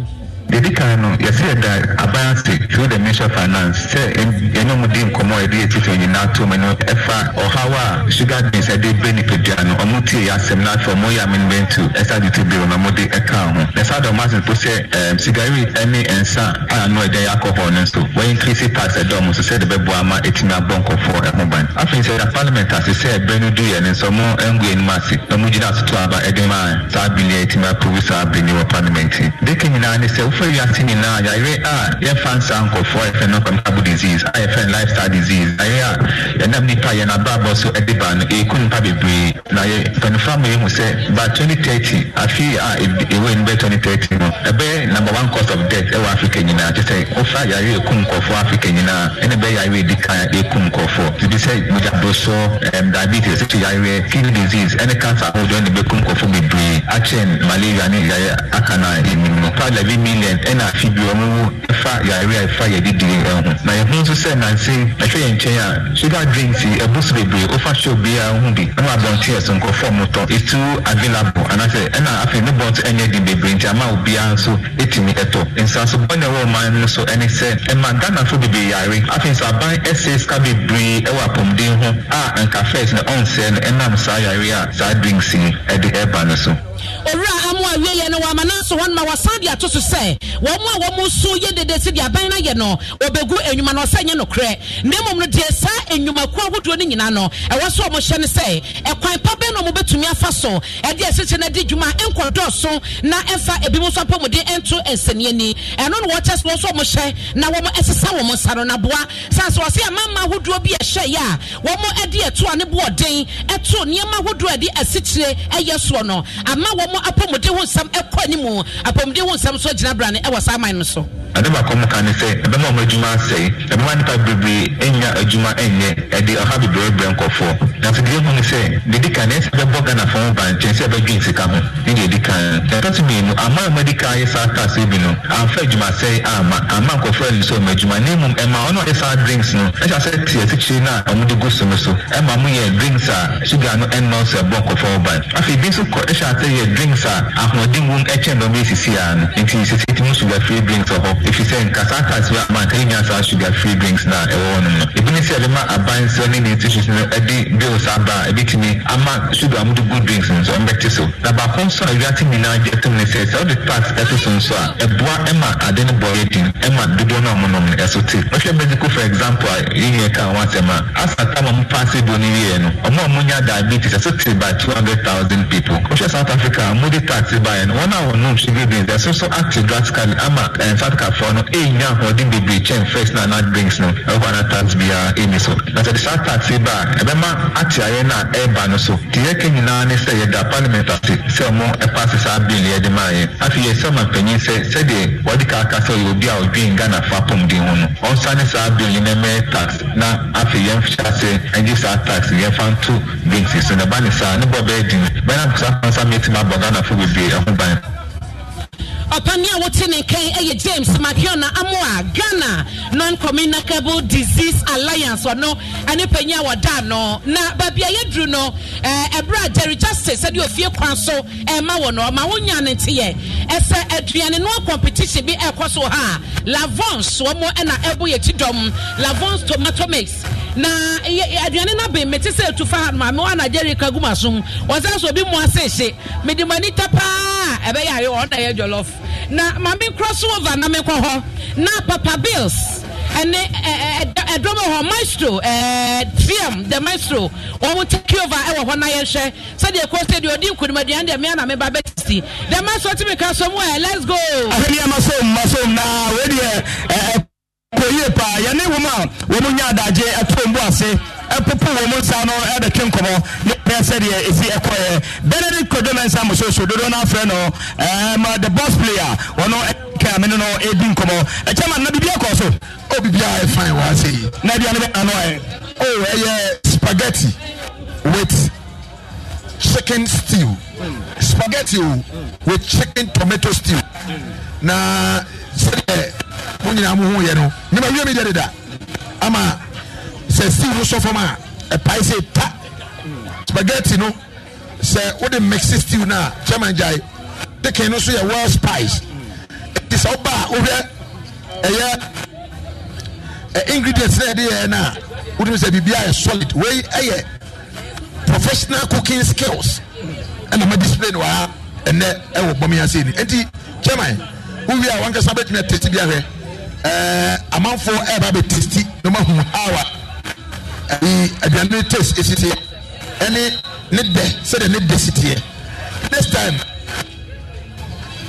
debi kan no yɛsɛ yɛda aban through the ministry of finance sɛ ɛne mu di nkɔmmɔ a yɛde yɛtifi nyinaa to mu no ɛfa ɔhaw sugar beans ɛde brɛ nipadua no ɔmo tie yɛ asɛm no afei ɔmo yɛ amendmento ɛsa de to bio na ɔmo de ɛka ho na dɔm asen po sɛ ɛɛm sigari ɛne nsa a ano ɛda yɛ alcohol no nso wɔyɛ nkirisi tax ɛdɔm nso sɛ de bɛboa ama etimi abɔ nkɔfoɔ ɛho ban afei sɛ ɛda parliament ase sɛ ɛbrɛ no du yɛ ne nso ɔmo ɛngu anim ase na ɔmo gyina atoto aba ɛde maa saa bini a etimi aprovu nkurɔfoɔ yi ate nyinaa yare a yɛfa nsa nkurɔfoɔ a yɛfɛ no compatible disease a yɛfɛ no lifestyle disease yare ah, a yɛnam nipa yɛn abrabɔ so de ba no ɛku nipa bebree na yɛ mpanimfoɔ ama yɛhu sɛ ba 2030 afei a ɛwɔ ani bɛ 2030 no number one cause of death ɛwɔ africa nyinaa kyɛ sɛ wofa yare ɛku nkurɔfoɔ africa nyinaa ɛne bɛyɛ yare ɛdi kan ɛku nkurɔfoɔ tibi sɛ mogyaborosoɔ diabetes ɛkyɛ yare kidney disease ɛne cancer ahodoɔ ne bɛku nkurɔfoɔ bebree akyɛn malaria ne yare aka na ɛnim no pa 11 million ɛna afi wɔn mu ɛfa yare a ɛfa yɛde di ɛho na yɛho nso sɛ nansi ɛhwɛ yɛn nkyɛn a sugar drinks ɛbu so bebree ofa show biara ho bi ɛna abɔnten ɛso nkɔfoɔ mo tɔ etu available anaasɛ ɛna afei ne bɔnten ɛnyɛ di bebree nti ama obiara nso etumi ɛtɔ nsanso bɔnne ɛwɔ ɔman no so ɛne sɛ ɛma ghanafo bebree yare afei nso aban ɛsɛ sika bebree ɛwɔ apɔmuden ho a nkafɛs na ɔnsɛ ɛnam saa yare a saa drinks yi ɛde ɛba owura amu awie yɛ no wama nanso wɔn na wɔsan de ato so sɛ wɔn a wɔn nso yɛ dede si de aban na yɛ no obegu enyuma na ɔsɛ nyɛ nokorɛ na emu no deɛ saa enyumaku ahodoɔ ne nyinaa no ɛwɔ so wɔn hyɛ no sɛ ɛkwan pa bɛn na wɔn bɛtumi afa so ɛde ɛsisi na ɛde dwuma nkɔ dɔɔso na ɛfa ebi mo nso apɔmuden nto nsɛnniani ɛno na wɔkyɛ so wɔn nso wɔn hyɛ na wɔn ɛsesa wɔn nsa no naboa sanso wɔsi a wɔn ɛde a ne boɔ den ɛto nneɛma ahodoɔ wɔn apɔmuden ho nsɛm ɛkɔ ne mu apɔmuden ho nsɛm so gyina brane ɛwɔ saa aman no so. ade baako mu ka ne sɛ ɛbɛma ɔmo adwuma asɛe ɛbɛma nipa bebree enya adwuma ɛnyɛ ɛde ɔha bebree brɛ nkɔfoɔ nanso deɛ ɛhu ne sɛ deɛ di kan ɛsɛ bɛbɔ ghana fɔm ba nkyɛn sɛ ɛbɛdwe sika ho ne deɛ di kan ɛtɔ so mmienu ama ama di kan ayɛ saa taase bi no amfa adwuma asɛe ama ama nkɔfoɔ ɛnu sɛ ɔmo adwuma ne mu ɛma ɔno ɔyɛ saa drinks no ɛhyɛ asɛ te asikyire no a ɔmo de gu so no so ɛma mo yɛ drinks a sugar no ɛnɔ sɛ ɛbɔ nkɔfoɔ yɛ yɛ drinks a ahoɔden wom ɛkyɛn dɔm esisi a no nti sisi tumi sugar free drinks wɔ hɔ efi sɛ nkasa akaasi a nya saa sugar free drinks na ɛwɔ hɔ nom no ebi ne sɛ ɛde ma aban sɛ ne ne tissues no ɛde bills aba a ebi tumi ama sugar a wɔde gu drinks nso ɔmo bɛte so na baako nso a wiase nyinaa gye tom ne sɛ sɛ ɔde tax ɛto so nso a ɛboa ɛma ade no bɔ yɛ din ɛma dodoɔ no a wɔn nom no ɛso te wɔhwɛ medical for example a yiyɛ ka wɔn asɛm a asa tam a wɔn paase do by two hundred thousand people wɔhwɛ south America mode taxi baeɛ no wɔn a wɔnom sugar beans ɛso so active drastically ama mfatikafoɔ no ɛnya ahoɔden bebree kyɛn first na e, nut e, e, drinks no ɛhɔ ana tax biara ɛni so na sɛde saa tax ba a ɛbɛma ate ayɛ no a ɛreba no so te yɛka nyinaa ne sɛ yɛda parliament ase sɛ ɔmo ɛpaase saa bill yɛde maa yɛ afei yɛsɛ ma panyin sɛ de wɔde kaaka sɛ ɔyɛ obi a ɔdwen ghana fa apɔmuden ho no ɔnsane saa bill no ɛmɛ tax na afei yɛmfa sɛ ɛgye saa tax yɛmfa nto drinks so na ɛba ne saa ne bɔ bɛɛ di no bɛnam saa kwansa mi ti ma abɔ ghana fo a ɛho ban ɔpani a wɔte ne nkyɛn yɛ james makiona amoa ghana non-communicable disease alliance ɔno ne panyin a wɔda no na baabi a yɛduru no ɛberɛ a jerry justice sɛdeɛ ofie kwan so ɛma wɔ no ɔma wonya ne nteɛ ɛsɛ aduane noa competition bi ɛkɔ so ha a lavons wɔn ɛna ɛbo yɛ ti dɔm lavons tomato mix na aduane no abɛn mete sɛ ɛtu fa ha no maame wa na jerry kaguma so wɔn sɛ so obi mu ase hye mede mani ta paa ɛbɛyɛ ayɛ wɔn na yɛ na maame crossover na mekɔ hɔ na papa bills ɛne ɛdɔm hɔ maestro ɛɛ tm the maestro wɔn take over ɛwɔ hɔ na yɛhwɛ sɛdeɛ kɔ sɛ deɛ ɔdi nkunimaduane deɛ mmea na meba bɛsisi the maestro ti mi ka so mu ɛ let's go. ahwɛni amasom masom na wei deɛ ɛɛ kò yie paa yɛne wɔn a wɔn nyɛ adagye ɛtɔn bu ase apepo wɔn mu nsa no ɛbɛtwe nkɔmɔ ne pɛ sɛdeɛ esi ɛkɔɛ benedict kodomensa musoso dodo n'afrɛ no ɛɛm the boss player wɔn kame no no ɛdi nkɔmɔ ɛkyɛma na biribia kɔɔ so o biribia yɛ fine wɔ ase yi na aduane bɛ ano ɛ o oh, ɛyɛ spaghetti with chicken stew spaghetti o oh, with chicken tomato stew na sɛdeɛ mo nyinaa mo ho yɛ no nyɛ ma mi deɛ deda ama sɛ stew no sɔ fam a ɛpae sɛ ta spaghetti no sɛ wode mixi stew no a chairman gyae dikin no nso yɛ well spice ɛti sɛ woba a wohwɛ ɛyɛ ingredients na yɛde yɛɛ no a wodem sɛ biribia yɛ solid wei ɛyɛ eh, professional cooking skills ɛna ma display no waa ɛnɛ ɛwɔ bɔmease ni nti chairman wowie a wankasa bɛtumi atesti bi ahwɛ ɛɛ amanfoɔ ɛɛba bɛtesti na ma hu hawa ayi aduane taste esi teɛ ɛne ne dɛ sɛdeɛ ne dɛ si teɛ next time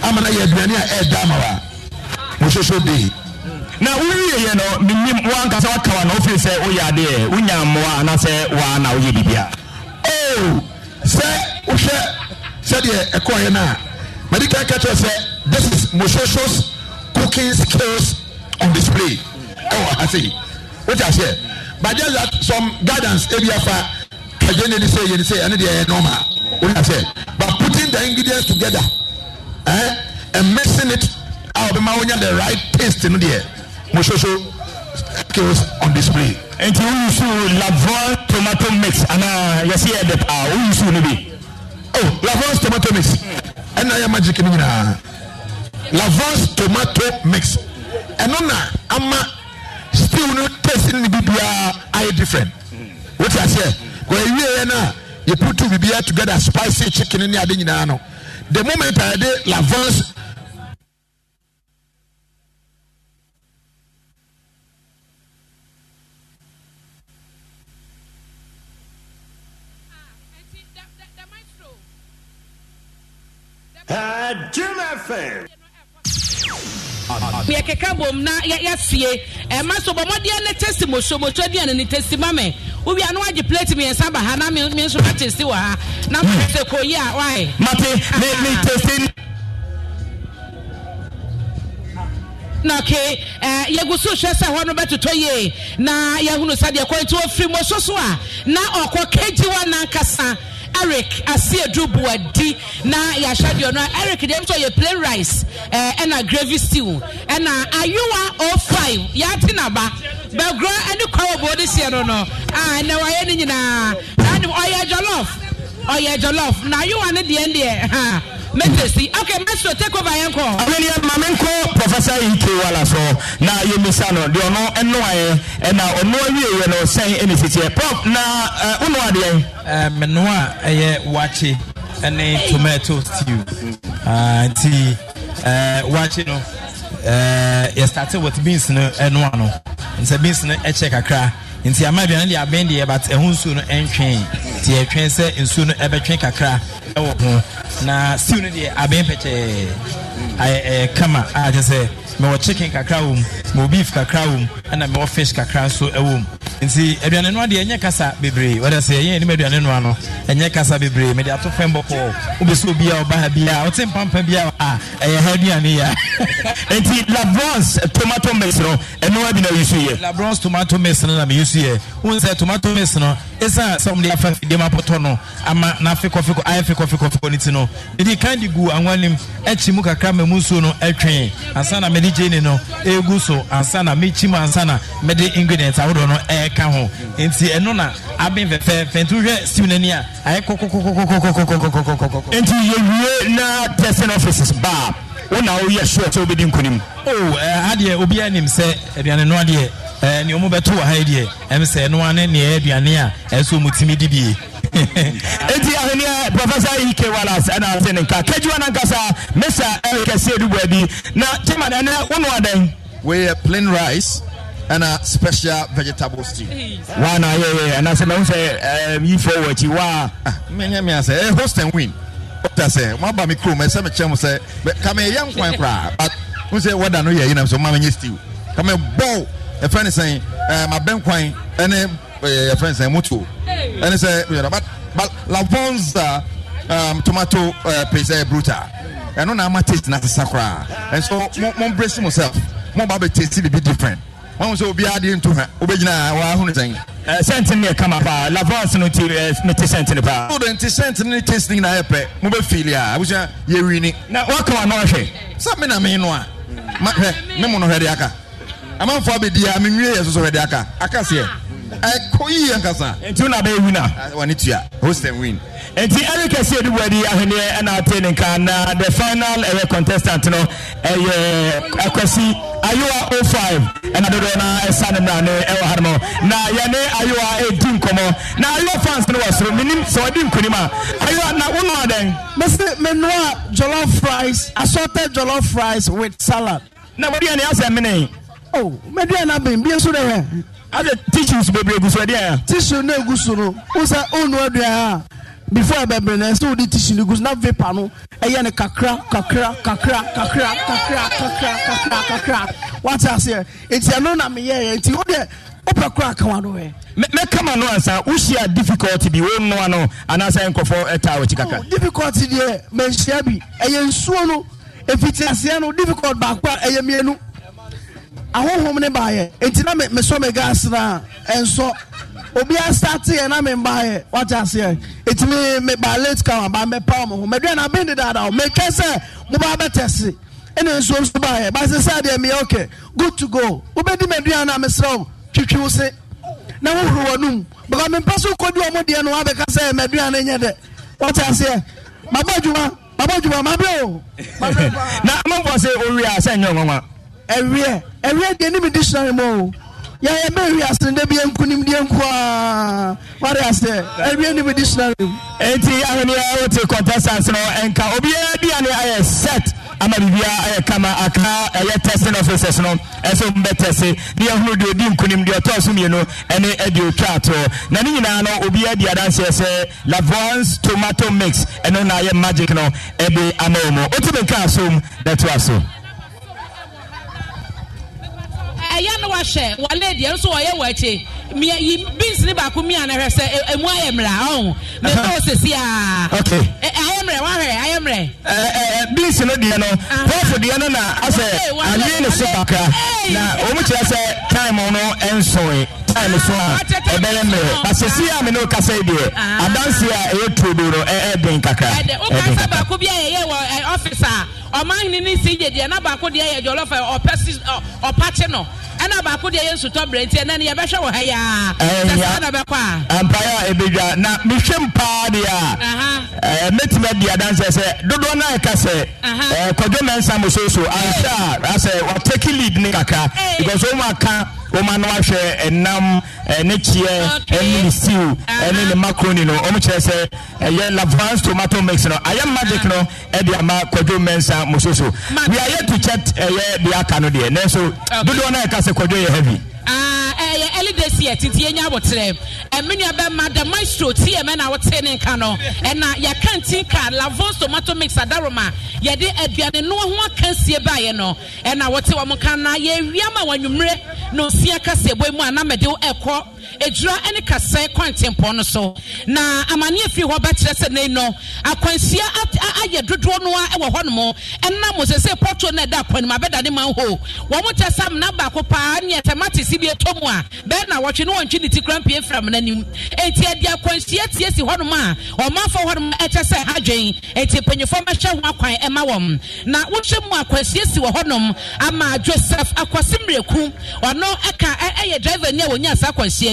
ama na yɛ aduane a ɛɛda ama wa mo soso de. na woyie yɛ no menim woankasa woakawa na wofiri sɛ woyɛ adeɛ wonya mmoa anaasɛ waa na woyɛ biribia o oh, sɛ wohwɛ sɛdeɛ ɛkɔɔyɛ no a mede ka ka kyerɛ sɛ this is mososos cooking skills on display ɛwɔ ha sei wote aseɛ but just that some gardens area afa kaje ne ni se yeni se ɛne deɛ normal wọ́n yà sɛ but putting the ingredients together eh, and mixing it a ɔbɛ ma wọ́n the right taste no deɛ mo soso skills on display. And you yusu lavon tomato mix And yasi yɛ dɛ paa wọ́n yusu ni oh lavon tomato mix And ɛna yɛ magic in nyinaa lavon tomato mix And na ama ewiw no test ne bibiara ayɛ different wote aseɛ kò ewieɛ no a yɛputu bibiara together spicy chicken ne ade nyinaa no the moment a yɛde lavance Jim ah, FM. yɛ keka bom na yɛafie ɛma eh, so bɔmmɔdeɛ ne tesi mosomotwa di ane ne tesi ma me plate miɛnsa ba ha na me nso wɔ ha na sɛ kɔyi a wae mate ah, ah. na ke yɛgu hwɛ sɛ hɔ no bɛtotɔ yie na yɛhunu kɔ nti so a na ɔkɔ nankasa eric asiedu buwadi na yɛahyɛ deɛ no eric deɛ nso yɛ plain rice ɛna eh, gravy stew ɛna ayewa 05 yɛate naba bɛgorɔ ɛne kɔrɔbɔ de seɛ no no a na wayɛ no nyinaa saa nim ɔyɛ jollof ɔyɛ oh, jollof na ayewa no deɛ deɛ message okay maestro take over yẹn kọ. amini maame nkɔ professor ike e wala so na yemisa no deɛ ɔno ɛno ayɛ ɛna ɔno awie yɛ no sɛn ɛna sitiɛ pop na ɔno eh, adeɛ. ɛɛ eh, menoa ɛyɛ wakye ɛne tomato stew ah, nti ɛɛ eh, wakye no ɛɛ yɛ start with beans no ɛnoa no nsɛ beans no ɛkyɛ kakra nti ama aduane deɛ abɛn deɛ but ɛho nsuo no ɛntwɛn nti ɛtwɛn sɛ nsuo no ɛbɛtwɛn kakra ɛwɔ ho na stew no deɛ abɛn pɛkyɛɛ ayɛ ɛyɛ kama a kyerɛ sɛ mɛwɔ chicken kakra wɔ mu mɛwɔ beef kakra wɔ mu ɛna mɛwɔ fish kakra nso ɛwɔ mu nti aduane noa deɛ ɛnyɛ kasa bebree wɔde sɛ ɛyɛ anim aduane noa no ɛnyɛ kasa bebree mede ato fɛn bɔkɔɔ wobɛ sɛ obia ɔba ha bia ɔte mpampa bia a ɛyɛ ha aduane yia [laughs] nti labrons tomato mix no ɛnoa bi na yusu yɛ labrons tomato mix no na meyusu yɛ wohu sɛ tomato mix no ɛsiane sɛ ɔmde afa fidiem apɔtɔ no ama na afe kɔfe ayɛ fe kɔfe kɔfe no ti no mede kan gu anwa nim akyi mu kakra ma mu nsuo no ɛtwee ansa na mede gyeni no ɛgu so ansa na mekyi mu ansa na mede ingredients ahodoɔ no ɛɛ ɛka ho nti ɛno na abɛn fɛfɛɛfɛ nti wohwɛ stew n'ani a ayɛ kɔkɔkɔkɔkɔkɔkɔkɔkɔkɔkɔkɔ. nti yɛwie na testing offices baa wọn na oyɛ sure sɛ obedi nkonim. o ɛɛ adeɛ obiara nim sɛ aduane no adeɛ ɛɛ nea wɔn bɛto wɔ ha yi deɛ ɛm sɛ ɛno ane nea ɛyɛ aduane a ɛso wɔn tumi di bie. nti ahenia professor ike wallace ɛna ase ne nka kejiwa nankasa mr eric kese edubu na chairman plain rice ɛna special vegetable stew. wa na yɛ yɛ ɛna sɛ mɛ n sɛ yi fɔ wɔkyi wa. mi n mi asɛ ɛ host and win ɔta sɛ mo aba mi kurom ɛsɛ mi kyɛn mo sɛ kama eya nkwan kora but n sɛ wɔda no yɛ yinam sɛ mo ma mi nye stew kama bɔl ɛfɛn nisɛn ɛɛ ma bɛn kwan ɛne ɛɛ ɛfɛn nisɛn moto ɛne sɛ yɛrɛ but but lavonza um, tomato ɛɛ eh, pese eh, bruta ɛno na ama taste na sisan and so, mo mo brace myself mo ba bɛ taste bibi different wọn sọ obi adi ntu ha obegyina wa ahunu sɛn. ɛ eh, sɛntin ni ɛka ma paa lavance no ti ɛ eh, ne ti sɛntin paa. o de ti sɛntin ni ti sin na yɛ pɛ mo bɛ fili a abusua yɛ wi ni. na waka wa n'ɔhwɛ. sábẹ na mi nù a ma hwɛ mi mu nù hwɛ de aka amanfo abedi a mi nwie yɛ soso hwɛ de aka aka seɛ ɛkɔ yie nkasa. nti na bɛyɛ win a. Ah, wɔne tua host and win. nti ɛri kɛse edu wɔ di ahwenneɛ ɛna ate ne nka na the final ɛyɛ contestant no ɛyɛ akwasi ayowa o oh five ɛna dodoɔ na ɛsa ne mmeran ne ɛwɔ ha no na yɛne ayowa edi nkɔmɔ na ayowa fans no wɔ soro menim sɛ wɔde nkunim a ayowa na wɔn adɛn. mesi menua jollof rice assorted jollof rice with salad. na wɔde yɛn ni asɛn mene. o mɛ duane abɛn bi nso de hɛ ada tissues bebree gu so ɛdeɛ a. tissue no egu so no wosa onu adua ha before ɛbɛbɛrɛ na ɛsɛ odi tissue no gu so na vapor no ɛyɛ no kakra kakra kakra kakra kakra kakra kakra kakra wate aseɛ eti ɛno na mi yɛ yɛ eti o deɛ wopɛ kora kawa no ɛ mɛkama no ansa wohyia difficulty bi wonnoa no anaasɛ nkɔfoɔ ɛtaa wɔkyi kakra oh, difficulty deɛ manhyia bi ɛyɛ nsuo no ɛfitiaseɛ no difficult baako a ɛyɛ mienu ahohom ne baayɛ eti na me mesɔ me gas na ɛnsɔ obi asate yɛ na me baayɛ wate aseɛ eti me me ba late car ba me pa ɔmo ho mɛ dua na bɛn de daadaa ɔmo etwa sɛ mo ba bɛ tɛsi ɛna nsuo nso baayɛ baasi sɛ adeɛ mi yɛ okay good to go wobɛdi me dua na mesrɛ o twitwi wo se na wohoro wɔ bɛka me mpa so kodi ɔmo deɛ no wabɛka sɛ mɛ dua ne nyɛ dɛ wate aseɛ mabɔ adwuma mabɔ adwuma mabrɛ o. [laughs] na amabɔ sɛ owia sɛ nyɛ nwanwa ɛwia ɛwia deɛ ne mi dictionary mu o yɛyɛ bɛ wi ase ne bi nkunim deɛ nkoa wari ase ɛwia ne mi dictionary mu. eti ahemiya o ti contestants no nka obiara di ani ayɛ set ama bibia ayɛ kama aka ɛyɛ testing officers no ɛsɛ mo bɛ tɛse ne yɛhunu deɛ odi nkunim deɛ ɔtɔ so mmienu ɛne ɛde otwa ato na ne nyinaa no obiara di adanseɛ sɛ lavoins tomato mix ɛno na ayɛ magic no ɛde ama wɔn o ti bɛ nka asom na to aso. ɛyɛ no wahwɛ wɔle deɛ nso wɔyɛ wɔ akyi mia yi beans ne baako mi ana hwɛ sɛ emu eh, eh, ayɛ mmerɛ ɔn mɛ bɔ uh-huh. sisi aa. okay. ɛ eh, ayɛ mmerɛ ayɛ mmerɛ. beans no deɛ no pɔfo uh-huh. deɛ no na asɛ awie ne so kakra na wɔn kyerɛ sɛ time no nsɔn time so a ah, ɛbɛyɛ mmerɛ asɛsi a mene kasa deɛ ah. adanse a ɛyɛ tuodo no ɛɛden kakra. o kasa baako bi a yɛyɛ wɔ ɔfisa ɔmanhene ne si yɛ deɛ na baako deɛ yɛ jɔlɔfɛ ɔpɛ si ɔpakye no ɛna baako deɛ yɛ nsutɔ berɛntiɛ na ne yɛbɛhwɛ wɔ ha yi a sɛsɛ na bɛkɔ a mpaeɛ a ɛbɛdwa na mehwɛ mpaa deɛ a mɛtumi adi adanseɛ sɛ dodoɔ no ɛka sɛ kwadwo mɛnsa mo so asɛ wataki lead ne kakra because ɔmu aka wɔma no ahwɛ ɛnam ɛne kyeɛ stew uh-huh. ɛne ne macaroni no wɔn kyerɛ sɛ ɛyɛ lavance tomato mix no ayɛ magic no uh-huh. ɛde ama kwadwo mmensa mo so so we are here to check ɛyɛ deɛ aka no deɛ nanso dodoɔ no a ɛka sɛ kwadwo yɛ heavy ɛyɛ ɛli de si ɛtiti enya abotire ɛminua bɛ ma da maestro tm na wɔte ne nka no ɛna yɛka nti ka lavos tomato mix adaroma yɛde aduane noa ho akansie baayɛ no ɛna wɔte wɔn ka na yɛwia ma wɔn nwumire na osia kaseɛ bɔ mu a na mɛde ɛkɔ edura ne kasa kwantempɔn no so na amaneɛ firi hɔ bɛkyerɛ sɛ nei no akwansia ayɛ dodoɔ no a wɔ hɔnom ɛnam wɔ sɛ sɛ pɔtɔ no ɛda akwan mu abɛda ne manhole wɔn mo kyɛ sɛ amena baako paa ne ɛtɛmatisi bi ɛtɔ mu a bɛɛ na wɔtwe ne wɔntwe ne ti kora mpie fira amena nim eti ɛde akwansia tie si hɔnom a ɔmanfo hɔnom ɛkyɛ sɛ adwen eti mpanyinfoɔ bɛhyɛ ho akwan ɛma wɔn na wohwɛ mu akwansia si wɔ hɔnom ama joseph akwasi mmireku ɔno ɛka ɛyɛ driver ni a wɔnyɛ asa akwansia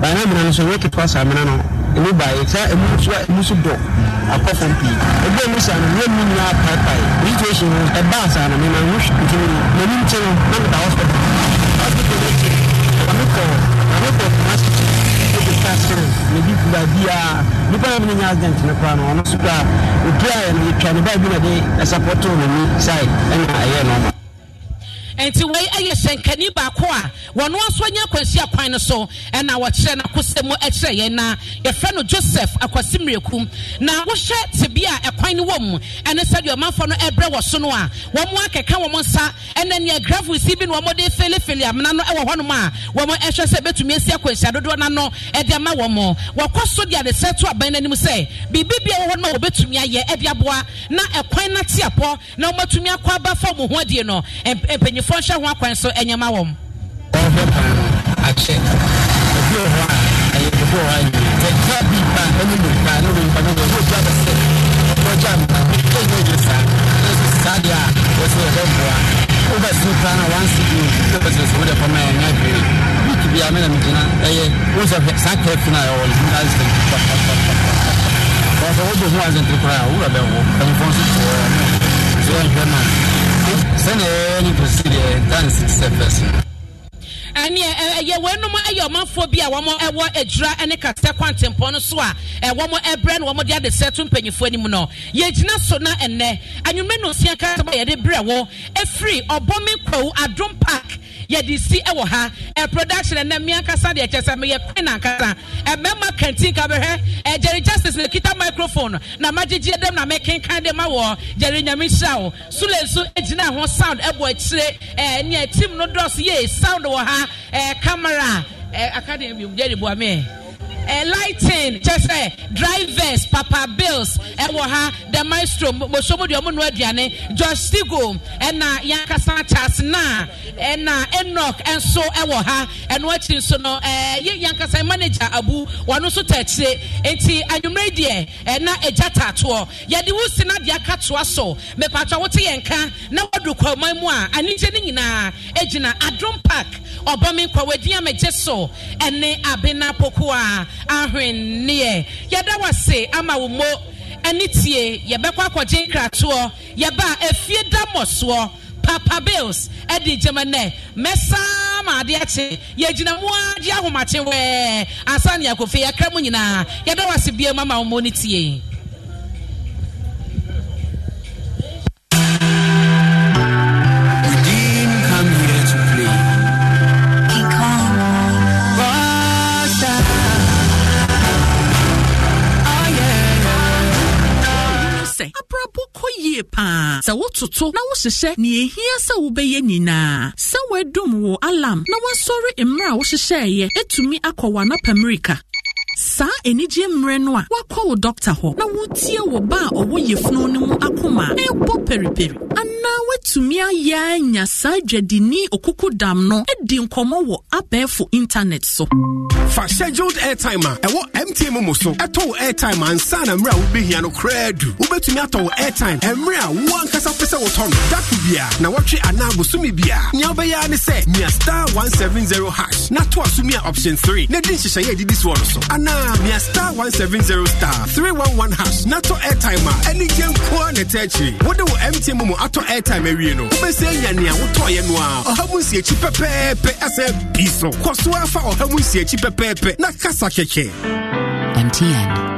baana mina no so ɛwɔ ketewa saa mina no ɛmu baeɛ sɛ ɛmu nso a ɛmu nso dɔ akɔ fam pii ebi ɛmu saa no yɛmu nyinaa paapae situation no ɛbaa saa no mina no ntumi no n'ani nkyɛn no na meda hospital hospital no kyɛ maame kɔ maame kɔ kumasi ebi kaa soro na ebi kura biara nipa naa mi nya accident no koraa no ɔno so koraa obi a yɛtwa ne baabi na de ɛsapɔtɔ n'ani side ɛna ɛyɛ nti wɔn yɛ hyɛnkani baako a wɔn nso nyɛ akwansi akwan no so ɛna wɔkyerɛ n'akosɛ mu ɛkyerɛ yɛn na yɛfrɛ no joseph akwasi mmireku na wɔhyɛ tebi a ɛkwan no wɔ mu ɛne sɛdeɛ ɔmanfoɔ no ɛbrɛ wɔ so no a wɔn akeka wɔn nsa ɛna nea gravel si bi na wɔn de felefele amena no ɛwɔ hɔnom a wɔn ɛhwɛ sɛ ebetumi esi akwansi adodoɔ n'ano ɛde ama wɔn wɔkɔ so de adesɛ to aban n'anim sɛ biribi bi ɛwɔ hɔnom a wɔbɛtumi ayɛ ɛde aboa na ɛkwan n'ate apɔ na wɔn atumi akɔ aba fam ho adie no mpanyinfo nkurɔfoɔ nhwɛ ho akwan so ɛnyɛma wɔn. ɔhwɛ paa akyɛ ebi wɔ hɔ a ɛyɛ ebi wɔ hɔ a yɛ ɛgya bi ba ɛne mu ba ne mu ba ne mu ɛwɔ gya bɛsɛ ɛwɔ gya mba ɛyɛ ɛyɛ ɛyɛ saa ɛyɛ sɛ saa deɛ a wɔsɛ ɛbɛ boa wobɛ si paa na wansi bi o wobɛ si sɛ wode fam a ɛnyɛ hwee week bi a mena megyina ɛyɛ wosɛ saa kɛfi a ɛwɔ sɛnea ɛyɛ procedure dance sɛ first no ɛneɛ ɛyɛ wɔnom ɛyɛ ɔmanfoɔ bi a wɔn ɛwɔ adwira ne kasa kwantempɔ no so a ɛwɔn ɛbrɛ no wɔn de adesɛ to mpanyinfoɔ anim no yɛgyina so na ɛnɛ anwummerɛ na osia kasa yɛde brɛ wɔ efiri ɔbɔnmi kwawu adum park yɛde si wɔ ha production ɛnɛ mmea nkasa deɛ kyɛ sɛ meyɛ kwan na nkasa mmarima kantin ka bɛhwɛ gyere justice na kita microphone na magyegyeɛ dɛm na mekenkan dɛm awɔ gyere nyame hyira wo sule nso gyina ho sound bɔ akyire nea tim no dɔso yɛ sound wɔ ha camera akademi gyere boame lighting kyɛ drivers papa bills ɛwɔ ha the maestro mosomu deɛ ɔmo no aduane george stigo ɛna eh, yankasa charles na ɛna enoch nso ɛwɔ ha ɛno akyi nso no ɛɛ eh, yɛ yankasa manager abu wɔn nso tɛ akyire nti anwummerɛ deɛ ɛna egya taatoɔ yɛde wusi na deɛ aka so mepatwa wote yɛn ka na wɔdu kɔman mu a anigye ne nyinaa egyina adrom park ɔbɔmi nkɔwɛdi amegye so ɛne abena pokoa. ahwenneɛ yɛda wase ama wo mo ɛne tie yɛbɛkɔ akɔgye nkratoɔ yɛba efie afie da mmɔsoɔ papa bills ɛde gyama nɛ mɛsaa ma ade akye yɛgyina mu a gye ahomakye wɛɛ ansa ne akɔfie mu nyinaa yɛda wase bia ama wo mo tie sɛ wototo na wohyehyɛ nea ehia sɛ wobɛyɛ nyinaa sɛ woadum wo alam na woasɔre mmerɛ a wohyehyɛeɛ atumi akɔ w'anapa mmirika saa anigye mmerɛ no a wakɔ wo dɔkta hɔ na wotie wɔ ba a ɔwɔ yɛfunu no mu akoma a ɛbɔ periperi anaa watumi ayɛ anya saa dwadini okuku dam no di nkɔmmɔ wɔ abɛɛfo internet so fa scheduled airtime a ɛwɔ mtm mu so ɛtɔ wo airtime ansa na mmerɛ a wobɛhia no koraa du wobɛtumi atɔ wo airtime mmerɛ a wo ankasa pɛ sɛ wotɔ no dako bia na wɔtwe anaa bosome bia nea wobɛyɛ ne sɛ nia star 170 hash na to a a option 3 na di nhyehyɛeɛ adidi soɔ no so na mia star 170 star 311 hash na to airtime a ɛne gye nkoa ne ta akyiri wode wo mtm mu atɔ airtime awie no wobɛsɛ anya nea wotɔeɛ no a ɔha mu nsiakyi pɛpɛɛpɛ ɛsɛ bi so kɔ so afa ɔha mu nsiakyi pɛpɛɛpɛ Nakasa keke. kɛkɛ mtn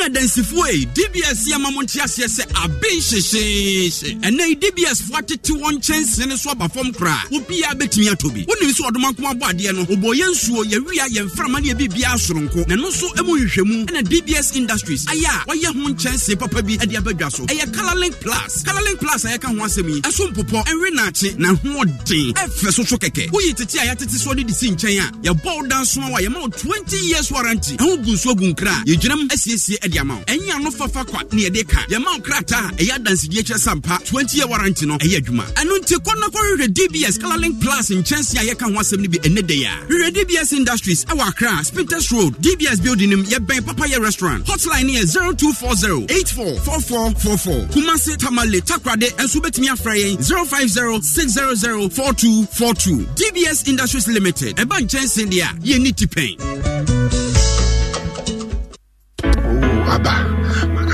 ɛna dansifoɔ yi dbs yɛ ma mo nte aseɛ sɛ aben hyehyeehye ɛnɛ yi dbs foɔ atete wɔn nkyɛnsee ne so aba fam koraa wobiaa bɛtumi atɔ bi wonim sɛ ɔdoma nko abɔ adeɛ no wɔbɔ yɛ nsuo yɛwia yɛmframa ne yɛbirbiaa soronko na ɛno so mu nhwehwɛmu ɛna dbs industries ayɛ a wɔayɛ ho nkyɛnsee papa bi de abadwa so ɛyɛ colorlink plus colorlink plus a yɛka ho asɛm yi ɛso mpopɔ ɛnwe naakye na hoɔden ɛfɛ so so kɛkɛ woyi tete a yɛatete soɔ de de si nkyɛn a yɛbɔ wo dansoa wɔ a yɛma wo 20 years warranty ɛho gu nsuo gu nkra a yɛgyinam asiesie de ama wo ɛnyɛ ano fafa kwa ne yɛde ka yɛma wo krataa a ɛyɛ adansedie kyerɛ sampa 20 year warranty no ɛyɛ adwuma ɛno nti kɔ na kɔhwehwɛ dbs colorlink plus nkyɛnse a yɛka ho asɛm no bi ɛnɛ dei a hwehwɛ dbs industries ɛwɔ akra spinters road dbs building nim yɛbɛn papayɛ restaurant hotline ne yɛ 0240 844444 kumase tamale takrade ɛnso wobɛtumi afra yɛn 050 dbs industries limited ɛba nkyɛnse deɛ a yɛnni tipɛn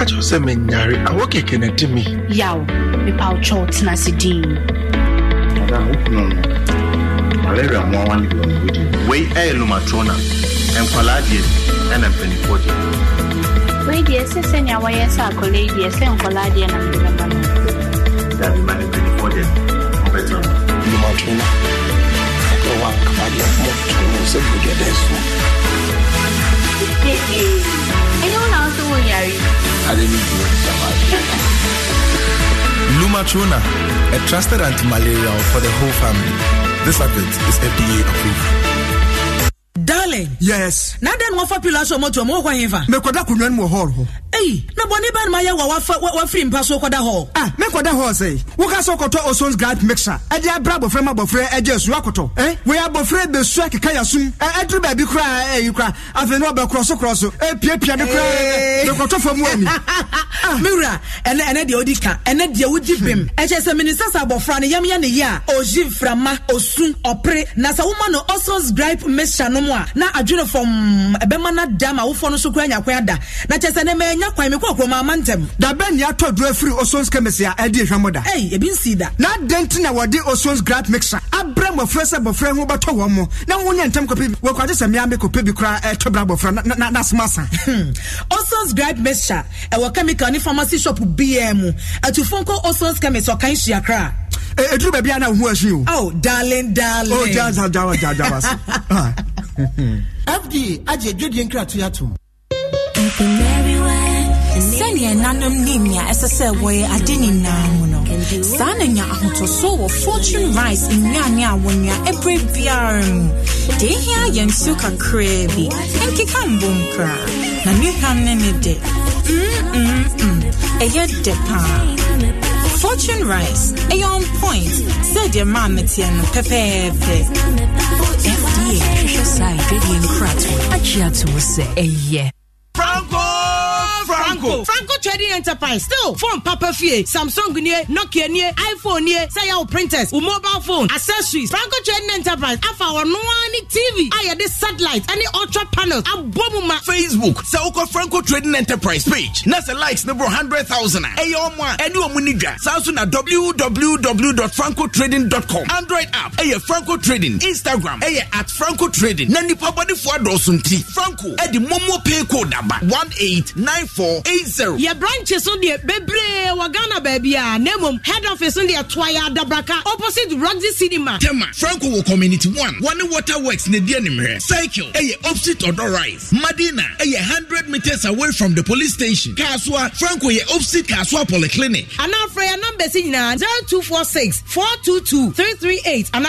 akyerɛ sɛ menyare awɔ kɛkɛ na di me yaw mepa wo kyɛw tena ase din malaria mmoawa ne nkwalaa deɛ ɛna deɛ wei deɛ sɛnea wɔyɛ sɛ akɔla yi deɛ sɛ nkwalaa deɛ na deɛ sɛ bodeɛ dɛ so Anyone else who will marry? I didn't know somebody. Lumatrona, a trusted anti-malarial for the whole family. This advert is FDA approved. Darling. Yes. Now then, one for pillar so much more. Mekwada kunyan mo hor ho. eyi na bɔnni bɛn ma yɛ wa wafiri mpa so kɔda hɔ. a ah, mɛ kɔda hɔ sɛ woka so kɔtɔ osons grand mixture ɛde abira abɔfra ma abɔfra ɛgye esu akɔtɔ ɛ eh? wei abɔfra ebesua keka yasum ɛ ɛduru baabi kura ɛyi kura afei na ɔbɛ kurɔso kurɔso epiapia ne kura ɛkɔtɔ eh. fam wɔ mi. [laughs] miwura ɛnɛ ɛnɛ deɛ odi ka ɛnɛ deɛ wodi hmm. bim ɛkyɛ sɛ minisasa abɔfra ni yamya ne yia oji frama osun ɔpere Nasa sɛ woma no osons gripe mixture no mu a na adwene fɔm ɛbɛma na dam awofoɔ no so kura nyakoya da na kyɛ sɛ ne mɛ nya nya kwan mi kɔ kuro maa ma ntɛm. dabe ni atɔ duro efiri osons chemist a ɛdi ehwɛ mo da. ɛyi ebi nsi da. na denti na wɔde osons grab mixer abirɛ mbɔfra sɛ mbɔfra ho bɛtɔ wɔn mo na wɔn nyɛ ntɛm kɔpi bi wɔkɔ adi sɛ mmea mi kɔpi bi kura ɛtɔ bra mbɔfra na na asoma san. Hmm. osons grab mixer ɛwɔ chemical ni pharmacy shop bia mu atufo osons chemist ɔkan hyia kra. E, eduru baabi a na ohun ɛsun o. oh darlin darlin. oh jaja jaja jaja so. [laughs] Ah. [laughs] fda agye dwedie nkratoyɛ atom. sɛnea ɛnanom nim nea ɛsɛ sɛ wɔyɛ ade nyinaa mu no saa na nya ahotoso wɔ fortune rice nnuane a wɔnua ɛberɛ biara mu deɛ ɛhia yɛ nsuo kakraa bi ɛnkeka mbom koraa na ne ham ne ne de mm ɛyɛ de paa Fortune Rice, a on point, said your mama Tiano Pepe. FDA, Side, Vivian Kratz, Achiatu was a yeah. franco franco trading enterprise still phone papa fie samsung nie nokia nie iphone nie sɛ yɛ wo printers wo mobile phone accessories franco trading enterprise afa wɔn noa ne tv a yɛde satellite any ultra panels abɔ mu ma. facebook sauko franco trading enterprise page na sɛ likes ne boro hundred thousand a ɛyɛ ɔmo a ɛne ɔmo ni dwa www.francotrading.com android app ɛyɛ franco trading instagram ɛyɛ at franco trading Nani nipa bɔdefoɔ adɔɔso nti franco edi momo pay code aba one eight nine four eight. 80. Your branches so dear bebre wagana baby ya ah, nemum head office so dear twaya dabraka opposite Roxy Cinema. Tema Franco will community one. One water works ne dear nimre. Cycle eye opposite Odo Rise. Madina eye hundred meters away from the police station. Kaswa Franco ye opposite Kaswa Polyclinic. And now for your number see na 0246 422 338 and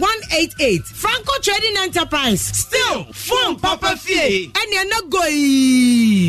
one eight eight Franco Trading Enterprise. Still, phone Papa Fee. And you're not going. Fui!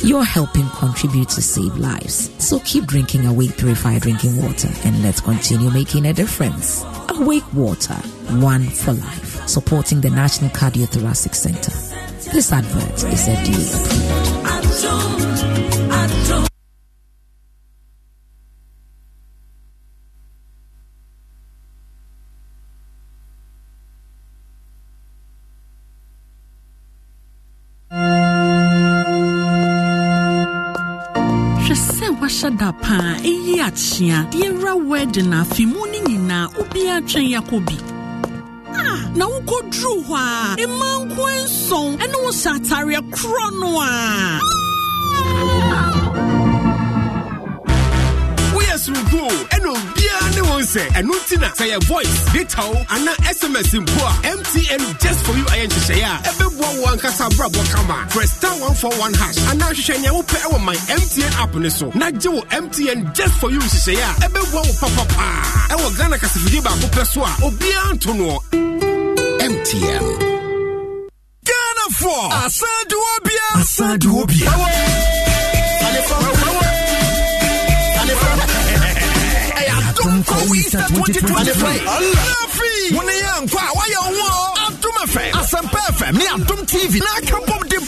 you're helping contribute to save lives. So keep drinking Awake Purified Drinking Water and let's continue making a difference. Awake Water, one for life. Supporting the National Cardiothoracic Center. This advert is FDA approved. a paa ɛyi akyea yɛwura weddin afe mu no nyinaa obiara twɛn yakɔ ah, na wokɔduru hɔ a ɛma nko nson ɛne wo sɛ atareɛ korɔ no a ah! classroom go ɛna obiara ne wɔn sɛ ɛno nti na sɛ yɛ voice data o ana sms mpo a mtn just for you ayɛ nhyehyɛeɛ a ɛbɛboa wo ankasa abrabɔ kama press star 141 hash anaa hwehwɛ nea wopɛ ɛwɔ my mtn app ne so na gye wo mtn just for you nhyehyɛeɛ a ɛbɛboa wo papa paa ɛwɔ ghana kasafidie baako pɛ so a obiara nto noɔ mtn Ghana for Asaduobia. Asaduobia. Easter 2023. Wọ́n ní yẹn nkọ́ a wáyé ọ̀hún ọ́. Atum FM, Asempa FM ní Atum TV náà kábọ̀ dìbò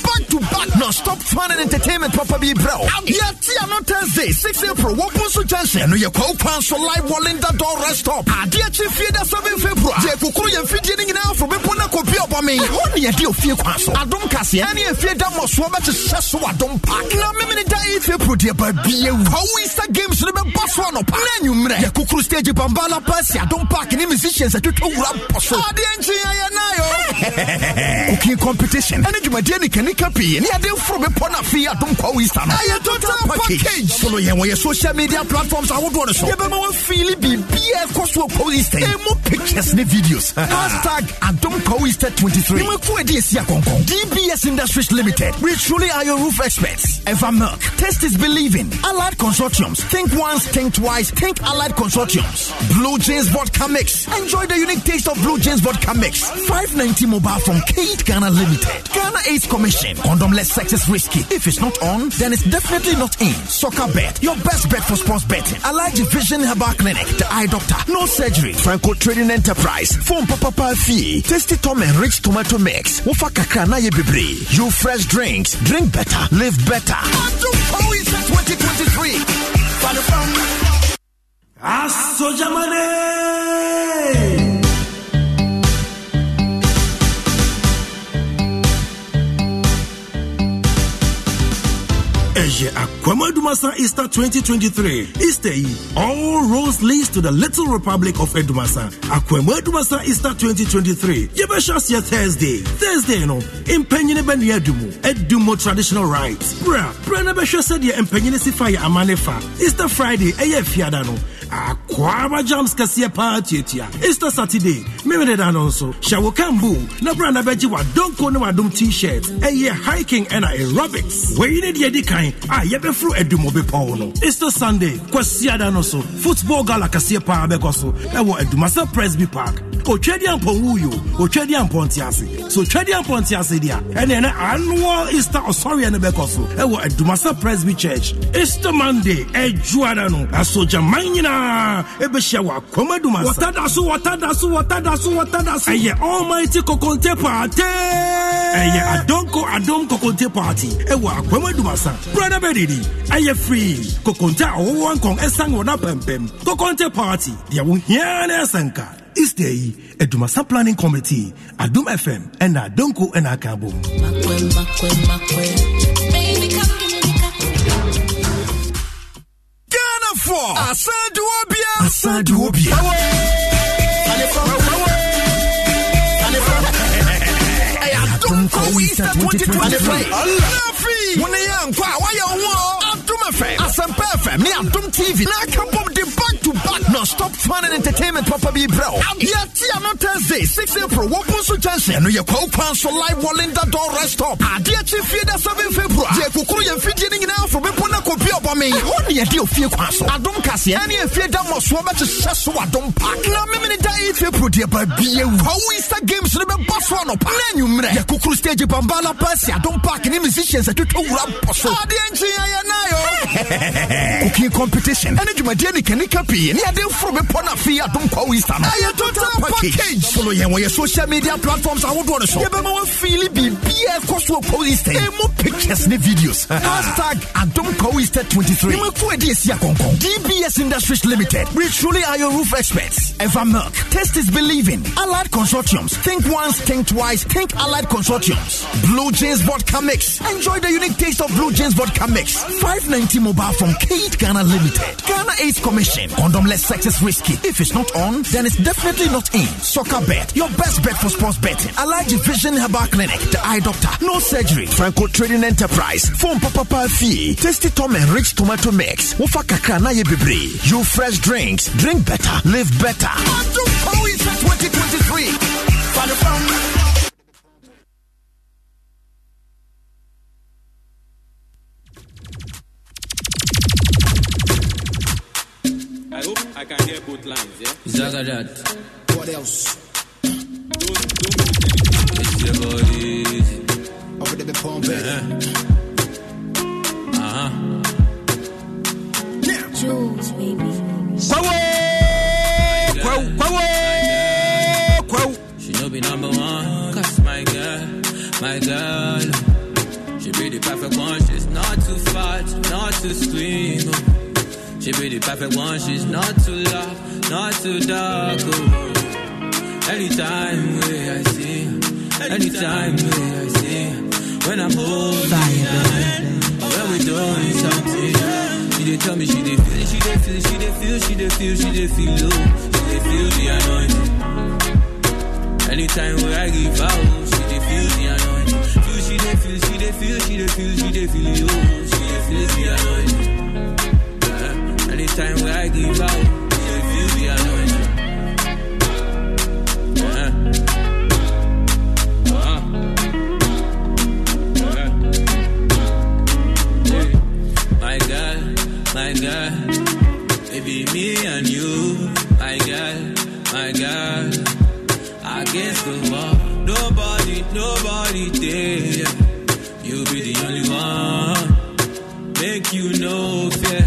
non-stop fun and entertainment papa bi bro. o. yɛti ano thursday six april wɔ bunsu chance? no yɛ kɔɔ kwan so live while in linda door rest stop. adeɛ kye fie da seven february. jɛ kukuru yɛn fidie ne nyinaa afro bepɔ na kopi ɔbɔ mi. ɛhɔ ni yɛde ofie kwan so. adum kaseɛ ɛni efie da mɔsoɔ bɛ hyehyɛ so adum park. na mímini da eight april deɛ baabi yɛ wu. kɔwu isa games no bɛ bɔ so anɔpa. na enyimrɛ yɛ kukuru stage bambala paasi adum park Any musicians atwitwa wura bɔ so. adeɛ nkyin ayɛ naa yɔ. cooking competition ɛni dwumadie ni kɛnikɛ pii ne yɛde mforo bepɔ no afei atom kwa wista no ɛyɛ total package solo yɛn wɔ social media platforms ahodoɔ no so yɛbɛma wofiili biribiaa ɛkɔ so wɔ kwa wista ɛmu pictures ne videos [laughs] hashtag adom kwa wista 23 nemaku adi ɛsi akɔnkɔn dbs industries limited we truly are your roof experts Ever milk test is believing allied consortiums think once think twice think allied consortiums blue jeans vodka mix enjoy the unique taste of blue jeans vodka mix 590 mobile from kate ghana limited ghana Ace commission condom harmless sex is risky. If it's not on, then it's definitely not in. Soccer bet, your best bet for sports betting. Allied Vision Herbal Clinic, the eye doctor, no surgery. Franco Trading Enterprise, phone papa fee, tasty tom and rich tomato mix. Wofa kakra na yebibri. You fresh drinks, drink better, live better. 2023. Asso Jamane! ɛyɛ akwamaadumasa easter 2023 easter yi all roads lead to the little republic of adumasa akwamaadumasa easter 2023 yɛbɛhyɛ aseɛ thursday thursday no mpanyini bɛnua adumu adumo traditional rites bra bra na bɛhwɛ sɛdeɛ mpanyini si fa yɛ easter friday ɛyɛ afiada no akwaba jams kɛseɛ paa tuatua easter saturday memededa no nso hyɛ wo kambu na bra na bɛgye wadonko ne dum t-shirt ɛyɛ hiking and aerobics wei ne deɛ di kan twɛn a yɛbɛforo adumɔ bepɔw no easter sunday kwasiada no so football gala kɛseɛ paa bɛkɔ so ɛwɔ adumasɛ presby park otwadi ampɔnwuyo otwadi ampɔntease so twadi ampɔntease deɛ ɛne ɛnɛ annual easter ɔsɔreɛ no bɛkɔ so ɛwɔ adumasa presby church easter monday ɛdwoada no asogyaman nyinaa ɛbɛhyia wɔ akɔma dumasa wɔtada so wɔtada so wɔtada so wɔtada so ɛyɛ almighty kokonte paate ɛyɛ adonko adom kokonte party ɛwɔ akɔma dumasa brother bɛdidi ɛyɛ free kokonte a ɔwɔwɔ nkɔn ɛsan wɔ na pɛmpɛm kokonte party deɛ wo ne ɛsɛnka duma Edumasa Planning Committee, Adum FM, and Adonko and Akabo. Ghana for Asaduobia, Asaduobia. Adonko Easter 2025. Allah, one young, why are you FM, Asempa FM, me Adum TV. Now come up the back to back non-stop fun and entertainment Papa B bro. Yeah, Tiano Thursday, 6 April, Wapun Su Junction, your co-pan so live in the door rest up. stop. Adia Chief Fieda 7 February. Yeah, Kukuru and Fiji now from Bepona Kopi Obame. Only a deal few kwaso. Adum Kasi, any a Fieda must swab to Sesu Adum Park. Now, Mimini Day, if you put your baby, how is the games to the boss one up? Nanyumre, Kukuru stage Bambala Persia, Adum Park, and musicians e that you two rap. Adia Chia Yanayo. [laughs] cooking competition ɛne dwumadie ne kanika pii ne yɛde mforo bepɔ no afei adom kwa wo easter no ɛyɛ total package solo yɛn wɔyɛ social media platforms I would ahodoɔ no so yɛbɛma woafiili biribia ɛkɔ so kwa wo easter ɛmu pictures ne videos [laughs] hashtag adom kwa wo easter 23 yɛmako adi asi akɔnkɔn dbs industries limited we truly are your roof experts ever milk test is believing allied consortiums think once think twice think allied consortiums blue jeans vodka mix enjoy the unique taste of blue jeans vodka mix 590 mobile from Kate Ghana Limited. Ghana AIDS Commission. Condomless sex is risky. If it's not on, then it's definitely not in. Soccer bet. Your best bet for sports betting. Allied Vision Herbal Clinic. The Eye Doctor. No surgery. Franco Trading Enterprise. Phone Papa pa, Fee. Tasty Tom and Rich Tomato Mix. Wofa Kakra na You fresh drinks. Drink better. Live better. 2023. I hope I can hear both lines, yeah? Zaga that. What else? Don't, don't It's your body. Over the pump, baby. Uh-huh. Now. Uh-huh. Jules, baby. Quo, quo, quo, quo. She know be number one, cause my girl, my girl. She be the perfect one, she's not too fat, not too slim. She be the perfect one, she's not too loud, not too dark. Oh. Anytime way I see, her, anytime way I see, her, when I'm holding her, when we are doing something, she dey tell me she dey feel, she dey feel, she dey feel, she dey feel, she dey feel, she dey feel the anointing. Anytime where I give out, she dey feel the anointing. Feel she dey feel, she dey feel, she dey feel, she dey feel, oh, she dey feel the anointing same way I give out. Uh, uh, uh, my God, my it be me and you. My God, my God, against the wall, nobody, nobody there. You be the only one. Make you know fear.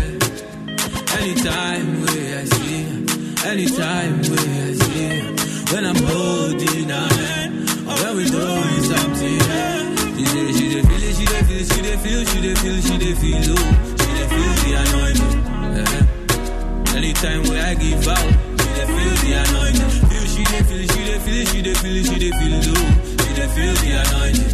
Anytime where I see her, anytime where I see her, when I'm holding her hand, or when we're doing something, she dey, she dey feel it, she dey feel, she dey feel, she dey feel, she dey feel, oh, she dey feel the anointing. Yeah. Anytime where I give out, she dey feel the anointing. Feel, she dey feel, she dey feel, she dey feel, she dey feel, oh, she dey feel the anointing.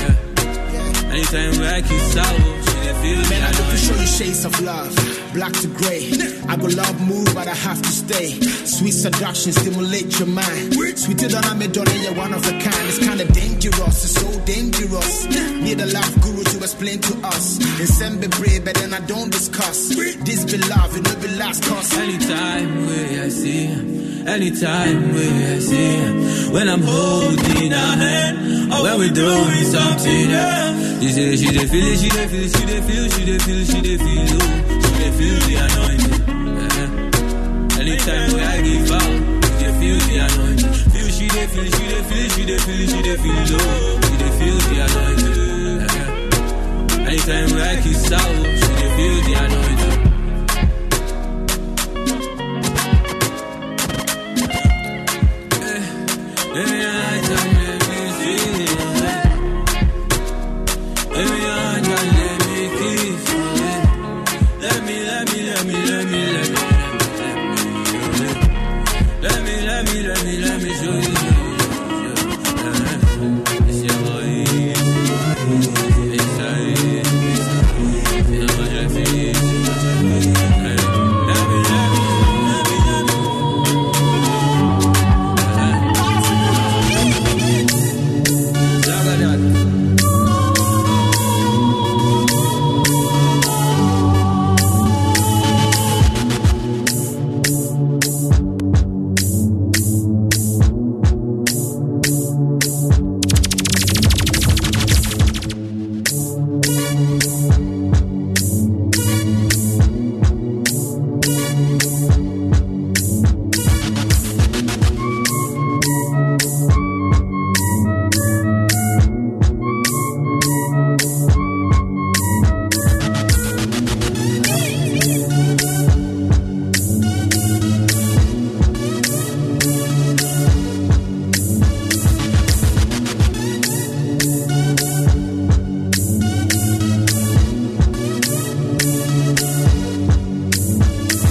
Yeah. Anytime where I kiss out, she dey feel the anointing. Man, I love to show you shades of love black to gray. I go love move, but I have to stay. Sweet seduction stimulate your mind. Sweeter than a Madonna, you're one of a kind. It's kinda dangerous, it's so dangerous. Need a love guru to explain to us. And send me brave, but then I don't discuss. This be love, it no be last cause. Anytime we I see. Anytime we see when I'm holding her hand, or when we doing something else. She say she dey feel she dey feel she dey feel, she dey feel, she dey feel, oh, she dey feel the anointing. Anytime we I give out, she dey feel the anointing. Feel she dey feel, she dey feel, she dey feel, she dey feel, oh, she dey feel the anointing. Anytime we I kiss out, she dey feel the anointing.